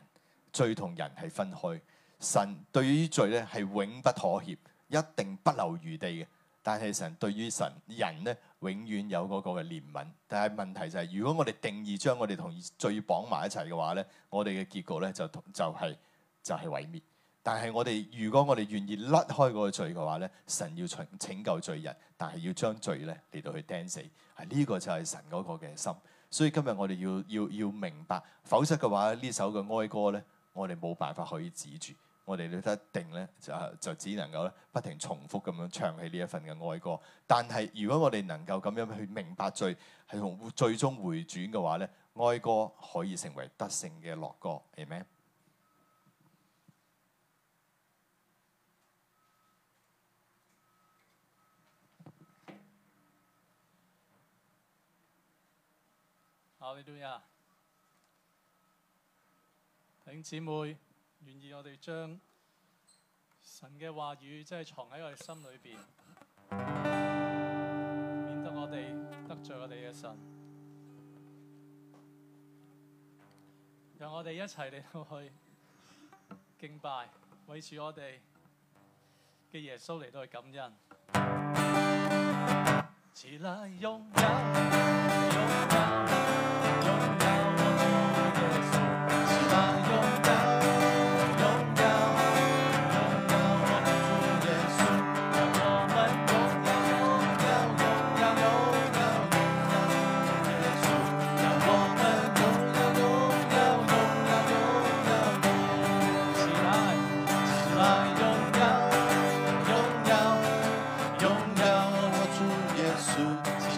罪同人係分開。神對於罪咧係永不妥協，一定不留餘地嘅。但係神對於神人咧，永遠有嗰個嘅憐憫。但係問題就係，如果我哋定義將我哋同罪綁埋一齊嘅話咧，我哋嘅結局咧就就係就係毀滅。但係我哋如果我哋願意甩開嗰個罪嘅話咧，神要請拯救罪人，但係要將罪咧嚟到去釘死。係，呢個就係神嗰個嘅心。所以今日我哋要要要明白，否則嘅話呢首嘅哀歌咧，我哋冇辦法可以止住，我哋都一定咧就就只能夠咧不停重複咁樣唱起呢一份嘅哀歌。但係如果我哋能夠咁樣去明白最係同最終回轉嘅話咧，哀歌可以成為得勝嘅樂歌，Amen。我哋都要啊！請姊妹願意我哋將神嘅話語即係藏喺我哋心裏邊，免得我哋得罪我哋嘅神。讓我哋一齊嚟到去敬拜，為住我哋嘅耶穌嚟到去感恩。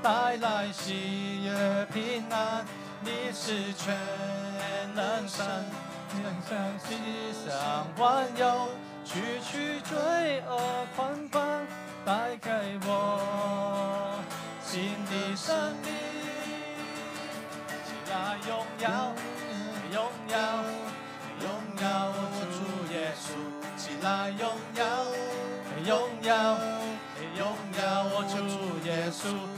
帶來喜悅平安，你是全能神，常常釋放安佑，除去罪惡捆綁，帶給我新的生命。起來榮耀，榮耀，榮耀我主耶穌！起來榮耀，榮耀，榮耀我主耶穌！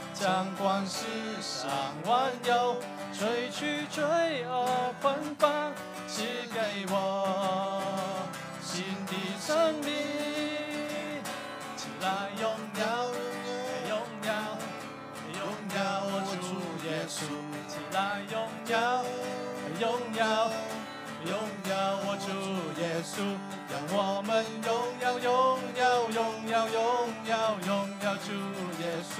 將光世上萬有，吹去罪惡芬芳，賜給我新的生命。起來榮耀，榮耀，榮耀！我主耶穌，起來榮耀，榮耀，榮耀！我主耶穌，讓我們榮耀，榮耀，榮耀，榮耀，榮耀主。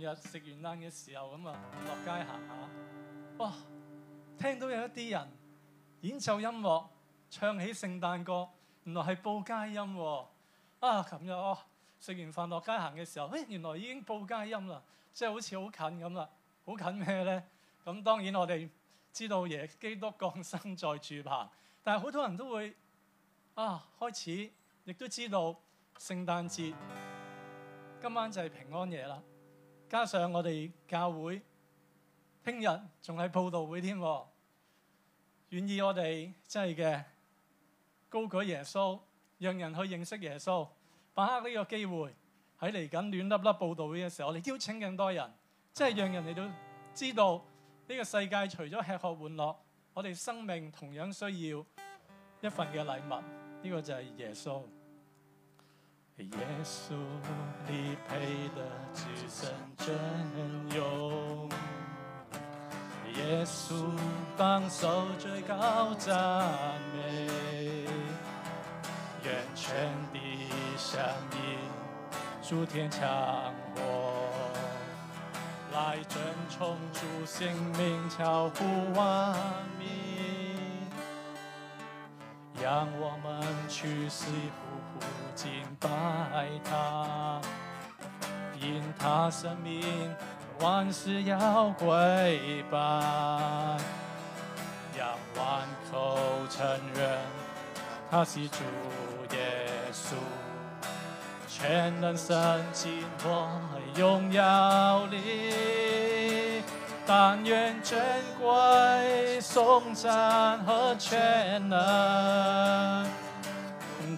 琴日食完晏嘅時候咁啊，落街行下，哇！聽到有一啲人演奏音樂，唱起聖誕歌，原來係報佳音喎。啊，琴日哦，食完飯落街行嘅時候，誒、哎，原來已經報佳音啦，即係好似好近咁啦。好近咩咧？咁當然我哋知道耶基督降生在住棚，但係好多人都會啊，開始亦都知道聖誕節今晚就係平安夜啦。加上我哋教會，聽日仲係佈道會添，願意我哋真係嘅高舉耶穌，讓人去認識耶穌，把握呢個機會喺嚟緊暖粒粒佈道會嘅時候，我哋邀請更多人，即係讓人哋都知道呢個世界除咗吃喝玩樂，我哋生命同樣需要一份嘅禮物，呢個就係耶穌。耶穌，你配得至聖尊榮。耶穌，當受最高讚美。願全地響應，主天強我來遵從主性命，超乎萬民。讓我們去西湖附近。愛他，因他生命，萬事要跪拜。讓萬口承認他是主耶穌，全能神子，我榮耀你，但願尊貴、頌讚和全能。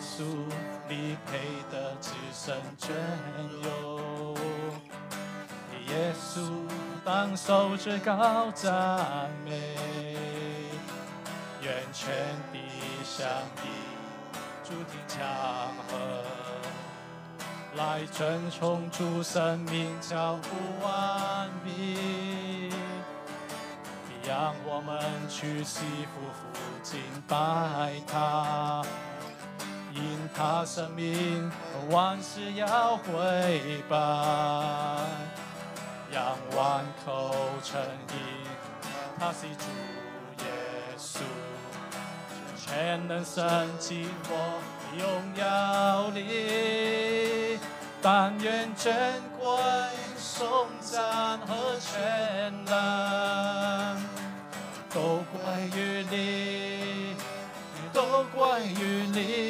主，你配得至聖尊榮，耶穌當受最高讚美，完全的上帝注定唱和，來遵從主神名叫呼萬民，讓我們去祈福，福近拜他。因他生命萬事要回報，讓望口稱名，他是主耶穌，全能聖子，我榮耀你，但願尊貴頌讚和全能都歸於你，都歸於你。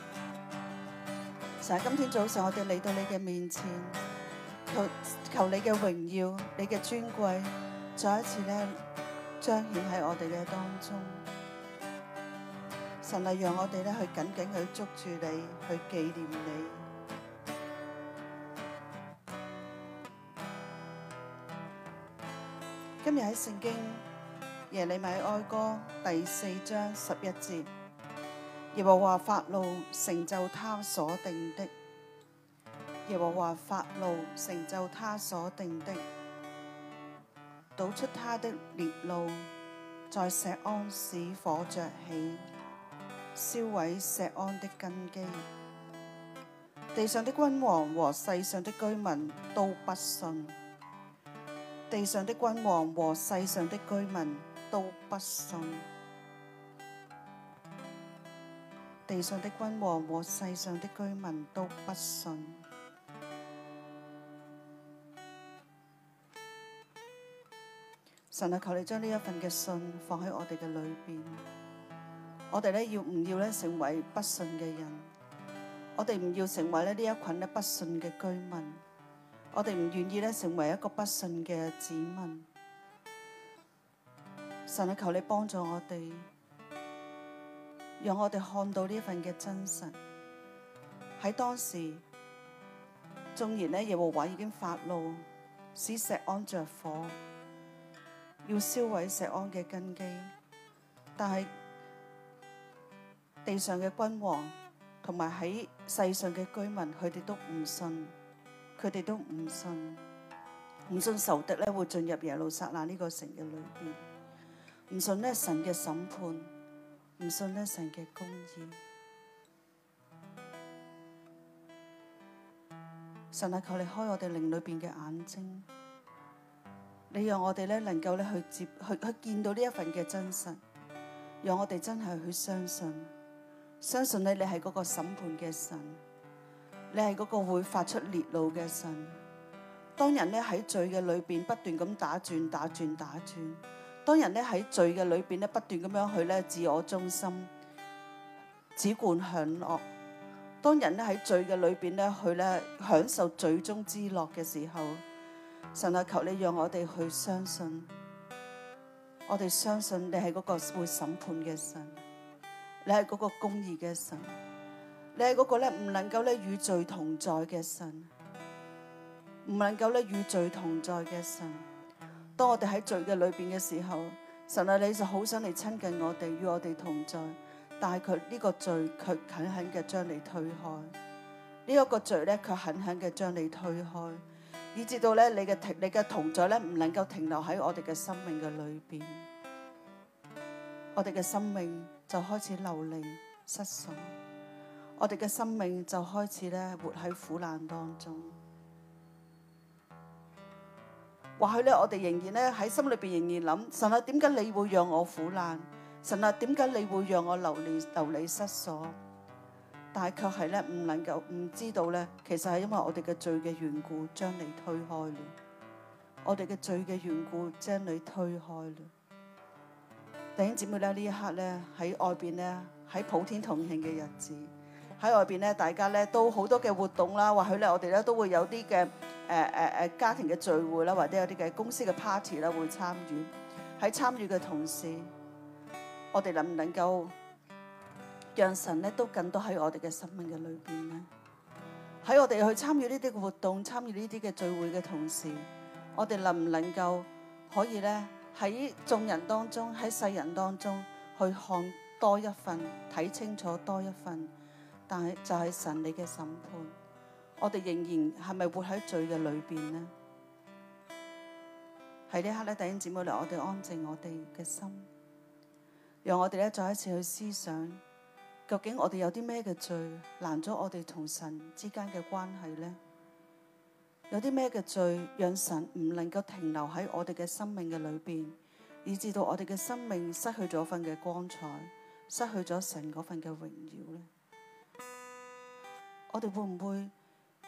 神喺今天早上，我哋嚟到你嘅面前，求，求你嘅榮耀、你嘅尊貴再一次咧，彰顯喺我哋嘅當中。神啊，讓我哋咧去緊緊去捉住你，去紀念你。今日喺聖經耶利米哀歌第四章十一節。耶和華發怒成就他所定的；耶和華發怒成就他所定的。倒出他的烈怒，在錫安使火着起，燒毀錫安的根基。地上的君王和世上的居民都不信；地上的君王和世上的居民都不信。地上的君王和世上的居民都不信。神啊，求你將呢一份嘅信放喺我哋嘅裏邊。我哋咧要唔要咧成為不信嘅人？我哋唔要成為咧呢一群咧不信嘅居民。我哋唔願意咧成為一個不信嘅子民。神啊，求你幫助我哋。讓我哋看到呢份嘅真實。喺當時，縱然呢耶和華已經發怒，使石安着火，要燒毀石安嘅根基，但係地上嘅君王同埋喺世上嘅居民，佢哋都唔信，佢哋都唔信，唔信仇敵咧會進入耶路撒冷呢個城嘅裏面。唔信咧神嘅審判。唔信呢神嘅公義，神啊，求你開我哋靈裏邊嘅眼睛，你讓我哋咧能夠咧去接去去見到呢一份嘅真實，讓我哋真係去相信，相信你，你係嗰個審判嘅神，你係嗰個會發出烈怒嘅神，當人咧喺罪嘅裏邊不斷咁打轉打轉打轉。打轉打轉當人咧喺罪嘅裏邊咧不斷咁樣去咧自我中心、只管享樂；當人咧喺罪嘅裏邊咧去咧享受罪中之樂嘅時候，神啊，求你讓我哋去相信，我哋相信你係嗰個會審判嘅神，你係嗰個公義嘅神，你係嗰個咧唔能夠咧與罪同在嘅神，唔能夠咧與罪同在嘅神。當我哋喺罪嘅裏邊嘅時候，神啊，你就好想嚟親近我哋，與我哋同在。但係佢呢個罪卻狠狠嘅將你推開，呢、這、一個罪咧卻狠狠嘅將你推開，以至到咧你嘅停，你嘅同在咧唔能夠停留喺我哋嘅生命嘅裏邊，我哋嘅生命就開始流離失所，我哋嘅生命就開始咧活喺苦難當中。或許咧，我哋仍然咧喺心裏邊仍然諗，神啊，點解你會讓我苦難？神啊，點解你會讓我流離流離失所？但係卻係咧唔能夠唔知道咧，其實係因為我哋嘅罪嘅緣故將你推開啦。我哋嘅罪嘅緣故將你推開啦。弟兄姊妹咧，呢一刻咧喺外邊咧喺普天同慶嘅日子。喺外邊咧，大家咧都好多嘅活動啦，或許咧我哋咧都會有啲嘅誒誒誒家庭嘅聚會啦，或者有啲嘅公司嘅 party 啦，會參與。喺參與嘅同時，我哋能唔能夠讓神咧都更多喺我哋嘅生命嘅裏邊咧？喺我哋去參與呢啲嘅活動、參與呢啲嘅聚會嘅同時，我哋能唔能夠可以咧喺眾人當中、喺世人當中去看多一份、睇清楚多一份？但係就係神你嘅審判，我哋仍然係咪活喺罪嘅裏邊呢？喺呢刻咧，弟兄姊妹嚟，我哋安靜我哋嘅心，讓我哋咧再一次去思想，究竟我哋有啲咩嘅罪攔阻我哋同神之間嘅關係呢？有啲咩嘅罪，讓神唔能夠停留喺我哋嘅生命嘅裏邊，以至到我哋嘅生命失去咗份嘅光彩，失去咗神嗰份嘅榮耀呢？.我哋會唔會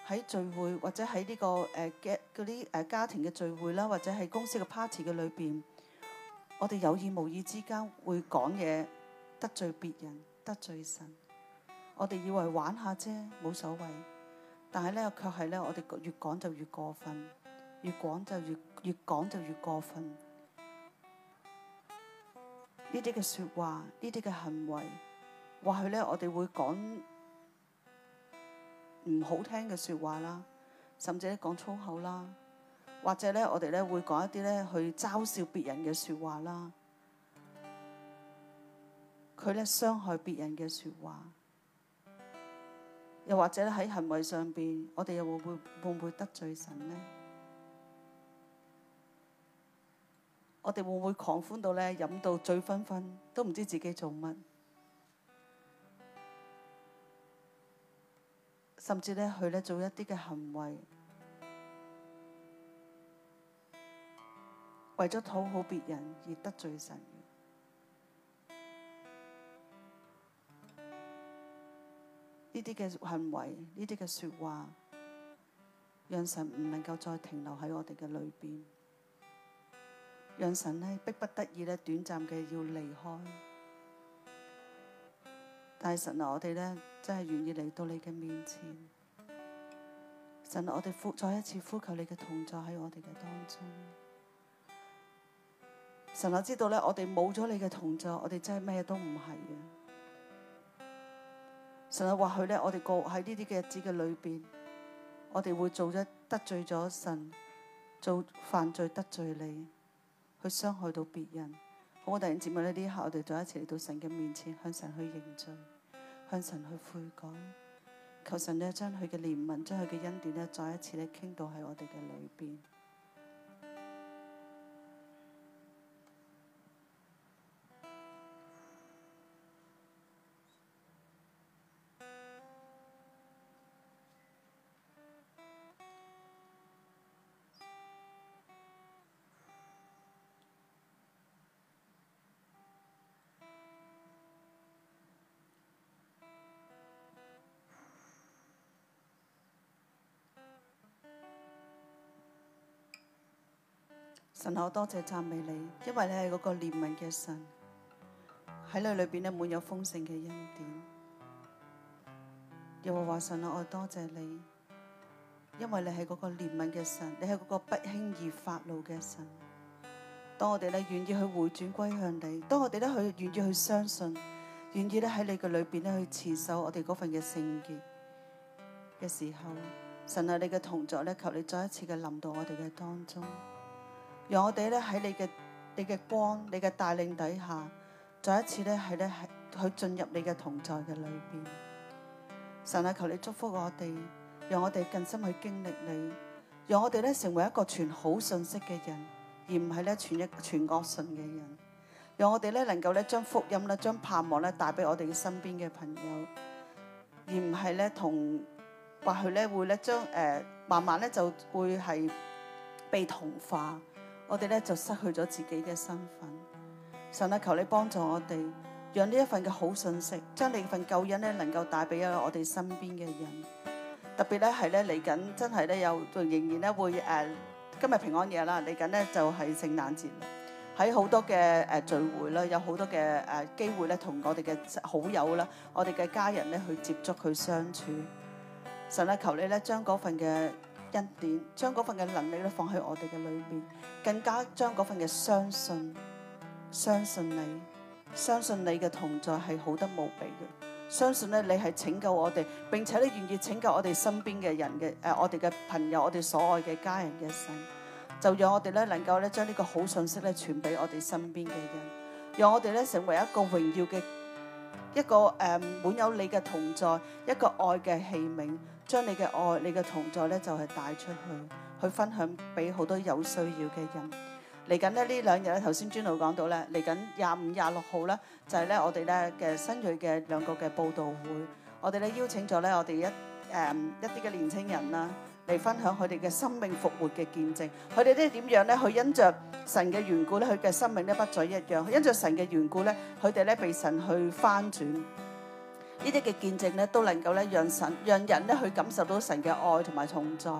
喺聚會或者喺呢個誒嘅啲誒家庭嘅聚會啦，或者喺、這個呃、公司嘅 party 嘅裏邊，我哋有意無意之間會講嘢得罪別人、得罪神。我哋以為玩下啫，冇所謂。但係咧，卻係咧，我哋越講就越過分，越講就越越講就越過分。呢啲嘅説話，呢啲嘅行為，或許咧，我哋會講。唔好聽嘅說話啦，甚至咧講粗口啦，或者咧我哋咧會講一啲咧去嘲笑別人嘅說話啦，佢咧傷害別人嘅說話，又或者喺行為上邊，我哋又會會會唔會得罪神咧？我哋會唔會狂歡到咧飲到醉醺醺，都唔知自己做乜？甚至呢，佢呢做一啲嘅行為，為咗討好別人而得罪神，呢啲嘅行為，呢啲嘅説話，讓神唔能夠再停留喺我哋嘅裏邊，讓神呢逼不得已呢，短暫嘅要離開。但係神啊，我哋咧真係願意嚟到你嘅面前。神啊，我哋呼再一次呼求你嘅同在喺我哋嘅當中。神啊，知道咧我哋冇咗你嘅同在，我哋真係咩都唔係嘅。神啊，或許咧我哋過喺呢啲嘅日子嘅裏邊，我哋會做咗得罪咗神，做犯罪得罪你，去傷害到別人。好，我哋喺接目呢一刻，我哋再一次嚟到神嘅面前，向神去認罪。向神去悔改，求神呢，將佢嘅憐憫、將佢嘅恩典呢，再一次呢傾到喺我哋嘅裏邊。神啊，我多謝讚美你，因為你係嗰個憐憫嘅神，喺你裏邊咧滿有豐盛嘅恩典。又話話神啊，我多謝你，因為你係嗰個憐憫嘅神，你係嗰個不輕易發怒嘅神。當我哋咧願意去回轉歸向你，當我哋咧去願意去相信，願意咧喺你嘅裏邊咧去持守我哋嗰份嘅聖潔嘅時候，神啊，你嘅同作咧求你再一次嘅臨到我哋嘅當中。讓我哋咧喺你嘅你嘅光，你嘅帶領底下，再一次咧係咧係去進入你嘅同在嘅裏邊。神啊，求你祝福我哋，讓我哋更深去經歷你，讓我哋咧成為一個傳好信息嘅人，而唔係咧傳一傳惡信嘅人。讓我哋咧能夠咧將福音咧、將盼望咧帶俾我哋嘅身邊嘅朋友，而唔係咧同或佢咧會咧將誒、呃、慢慢咧就會係被同化。我哋咧就失去咗自己嘅身份，神啊，求你幫助我哋，讓呢一份嘅好信息，將呢份救恩咧能夠帶俾我哋身邊嘅人，特別咧係咧嚟緊真係咧有仍然咧會誒、呃、今日平安夜啦，嚟緊咧就係聖誕節，喺好多嘅誒聚會啦，有好多嘅誒機會咧同我哋嘅好友啦、我哋嘅家人咧去接觸去相處。神啊，求你咧將嗰份嘅。一點將嗰份嘅能力咧放喺我哋嘅裏面，更加將嗰份嘅相信，相信你，相信你嘅同在係好得無比嘅。相信咧，你係拯救我哋，並且你願意拯救我哋身邊嘅人嘅誒、呃，我哋嘅朋友，我哋所愛嘅家人嘅一生，就讓我哋咧能夠咧將呢個好信息咧傳俾我哋身邊嘅人，讓我哋咧成為一個榮耀嘅一個誒，um, 滿有你嘅同在，一個愛嘅器皿。將你嘅愛、你嘅同在咧，就係帶出去，去分享俾好多有需要嘅人。嚟緊咧呢兩日咧，頭先尊老講到咧，嚟緊廿五、廿六號咧，就係咧我哋咧嘅新蕊嘅兩個嘅佈道會，我哋咧邀請咗咧我哋一誒、um, 一啲嘅年青人啦，嚟分享佢哋嘅生命復活嘅見證。佢哋咧點樣咧？佢因着神嘅緣故咧，佢嘅生命咧不再一樣。佢因着神嘅緣故咧，佢哋咧被神去翻轉。呢啲嘅見證咧，都能夠咧讓神、讓人咧去感受到神嘅愛同埋同在，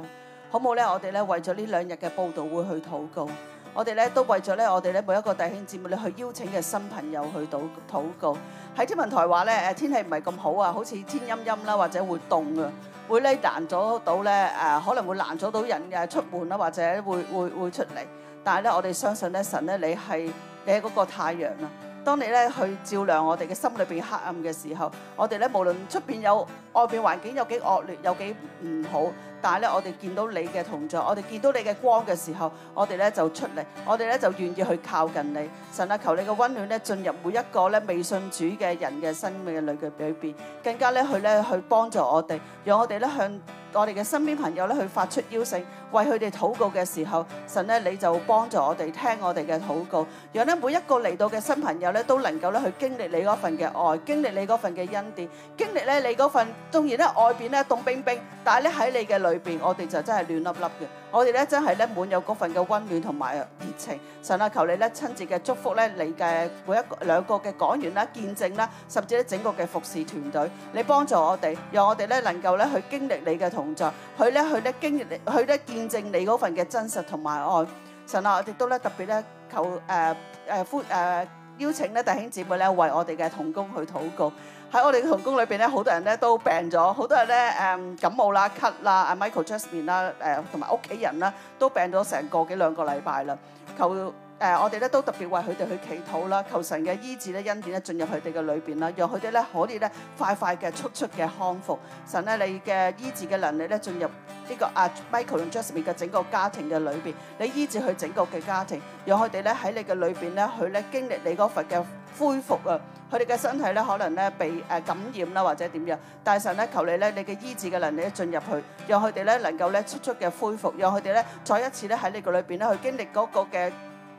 好冇咧？我哋咧為咗呢兩日嘅佈道會去禱告，我哋咧都為咗咧我哋咧每一個弟兄姊妹咧去邀請嘅新朋友去到禱告。喺天文台話咧誒天氣唔係咁好啊，好似天陰陰啦，或者會凍啊，會咧攔阻到咧誒、呃、可能會攔阻到人嘅出門啦，或者會會會出嚟。但係咧我哋相信咧神咧你係你係嗰個太陽啊！當你去照亮我哋嘅心裏邊黑暗嘅時候，我哋咧無論出邊有外面環境有幾惡劣，有幾唔好。但係咧，我哋見到你嘅同在，我哋見到你嘅光嘅時候，我哋咧就出嚟，我哋咧就願意去靠近你。神啊，求你嘅溫暖咧進入每一個咧未信主嘅人嘅生命嘅裏面裏邊，更加咧去咧去幫助我哋，讓我哋咧向我哋嘅身邊朋友咧去發出邀請，為佢哋禱告嘅時候，神咧你就幫助我哋聽我哋嘅禱告，讓咧每一個嚟到嘅新朋友咧都能夠咧去經歷你嗰份嘅愛，經歷你嗰份嘅恩典，經歷咧你嗰份雖然咧外邊咧凍冰冰，但係咧喺你嘅裏裏邊我哋就真係暖粒粒嘅，我哋咧真係咧滿有嗰份嘅溫暖同埋熱情。神啊，求你咧親自嘅祝福咧，你嘅每一個兩個嘅講員啦、見證啦，甚至咧整個嘅服侍團隊，你幫助我哋，讓我哋咧能夠咧去經歷你嘅同在，去咧去咧經歷去咧見證你嗰份嘅真實同埋愛。神啊，我哋都咧特別咧求誒誒呼誒邀請咧弟兄姊妹咧為我哋嘅同工去禱告。喺我哋嘅同工裏面咧，好多人咧都病咗，好多人呢感冒啦、咳啦，Michael Jasmine、呃、Jasmine 啦，誒同埋屋企人啦，都病咗成個幾兩個禮拜啦，求。誒，我哋咧都特別為佢哋去祈禱啦，求神嘅醫治咧恩典咧進入佢哋嘅裏邊啦，讓佢哋咧可以咧快快嘅速速嘅康復。神咧，你嘅醫治嘅能力咧進入呢個啊 Michael 同 Jasmine 嘅整個家庭嘅裏邊，你醫治佢整個嘅家庭，讓佢哋咧喺你嘅裏邊咧去咧經歷你嗰份嘅恢復啊！佢哋嘅身體咧可能咧被誒感染啦或者點樣，但係神咧求你咧，你嘅醫治嘅能力進入去，讓佢哋咧能夠咧速速嘅恢復，讓佢哋咧再一次咧喺你個裏邊咧去經歷嗰個嘅。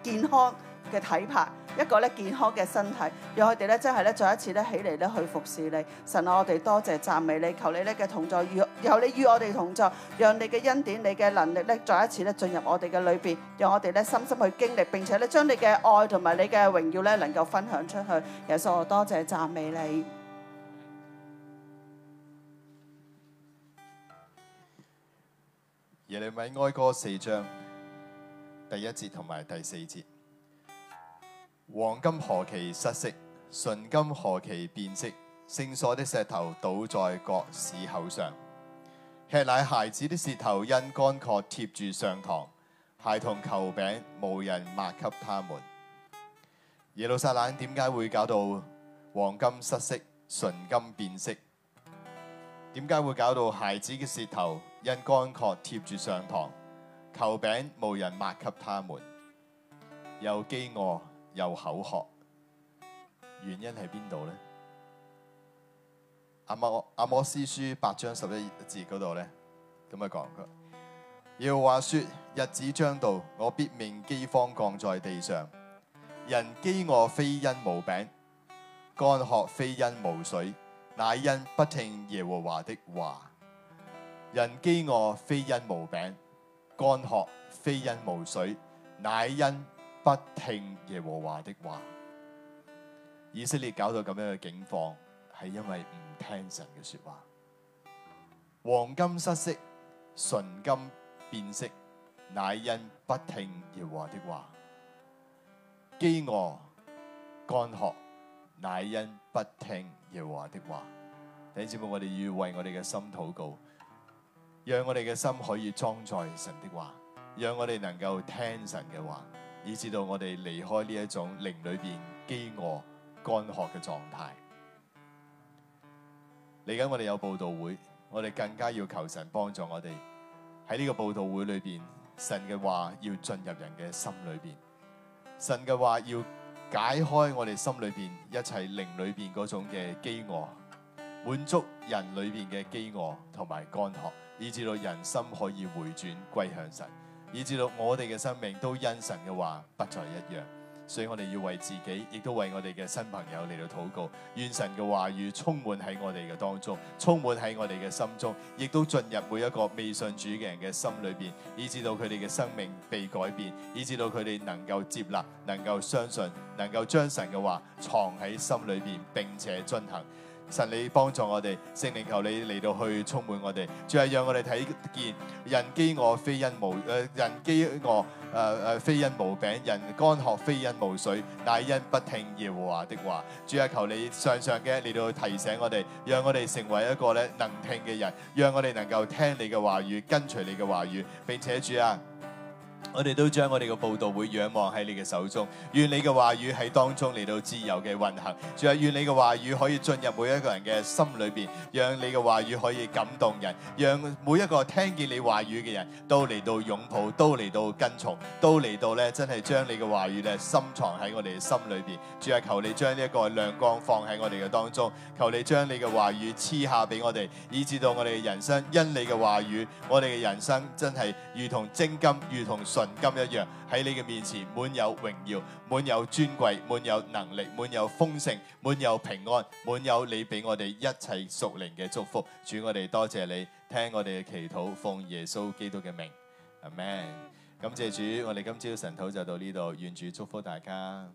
健康嘅體魄，一個咧健康嘅身體，讓佢哋咧真係咧再一次咧起嚟咧去服侍你。神啊，我哋多謝讚美你，求你咧，嘅同在，與由你與我哋同在，讓你嘅恩典、你嘅能力咧再一次咧進入我哋嘅裏面，讓我哋咧深深去經歷，並且咧將你嘅愛同埋你嘅榮耀咧能夠分享出去。耶穌啊，我多謝讚美你。耶利米哀歌四章。第一節同埋第四節，黃金何其失色，純金何其變色，聖所的石頭倒在各市口上，吃奶孩子的舌頭因乾渴貼住上堂，孩童求餅無人抹給他們。耶路撒冷點解會搞到黃金失色、純金變色？點解會搞到孩子的舌頭因乾渴貼住上堂？求餅無人擘給他們，又饑餓又口渴，原因喺邊度咧？阿摩阿摩司書八章十一節嗰度咧，咁啊講佢要話說，日子將到，我必命饑荒降在地上，人饑餓非因無餅，乾渴非因無水，乃因不聽耶和華的話。人饑餓非因無餅。乾渴非因無水，乃因不聽耶和華的話。以色列搞到咁樣嘅境況，係因為唔聽神嘅說話。黃金失色，純金變色，乃因不聽耶和華的話。飢餓、乾渴，乃因不聽耶和華的話。弟兄姊妹，我哋要為我哋嘅心禱告。讓我哋嘅心可以裝載神的話，讓我哋能夠聽神嘅話，以致到我哋離開呢一種靈裏邊飢餓乾渴嘅狀態。嚟緊我哋有佈道會，我哋更加要求神幫助我哋喺呢個佈道會裏邊，神嘅話要進入人嘅心裏邊，神嘅話要解開我哋心裏邊一切靈裏邊嗰種嘅飢餓。滿足人裏邊嘅飢餓同埋乾渴，以至到人心可以回轉歸向神，以至到我哋嘅生命都因神嘅話不再一樣。所以我哋要為自己，亦都為我哋嘅新朋友嚟到禱告，願神嘅話語充滿喺我哋嘅當中，充滿喺我哋嘅心中，亦都進入每一個未信主嘅人嘅心裏邊，以致到佢哋嘅生命被改變，以致到佢哋能夠接納、能夠相信、能夠將神嘅話藏喺心裏邊，並且進行。神，你幫助我哋，聖靈求你嚟到去充滿我哋。主啊，讓我哋睇見人飢餓非因無誒、呃、人飢餓誒誒非因無餅，人乾渴非因無水，乃因不聽耶和華的話。主啊，求你上上嘅嚟到提醒我哋，讓我哋成為一個咧能聽嘅人，讓我哋能夠聽你嘅話語，跟隨你嘅話語。並且主啊。我哋都將我哋嘅報道會仰望喺你嘅手中，願你嘅話語喺當中嚟到自由嘅運行。仲係願你嘅話語可以進入每一個人嘅心裏邊，讓你嘅話語可以感動人，讓每一個聽見你話語嘅人都嚟到擁抱，都嚟到跟從，都嚟到咧，真係將你嘅話語咧深藏喺我哋嘅心裏邊。仲係求你將呢一個亮光放喺我哋嘅當中，求你將你嘅話語黐下俾我哋，以至到我哋嘅人生因你嘅話語，我哋嘅人生真係如同精金，如同純。金一樣喺你嘅面前，滿有榮耀，滿有尊貴，滿有能力，滿有豐盛，滿有平安，滿有你俾我哋一切屬靈嘅祝福。主我哋多謝你，聽我哋嘅祈禱，奉耶穌基督嘅名，阿門。感謝主，我哋今朝神討就到呢度，願主祝福大家。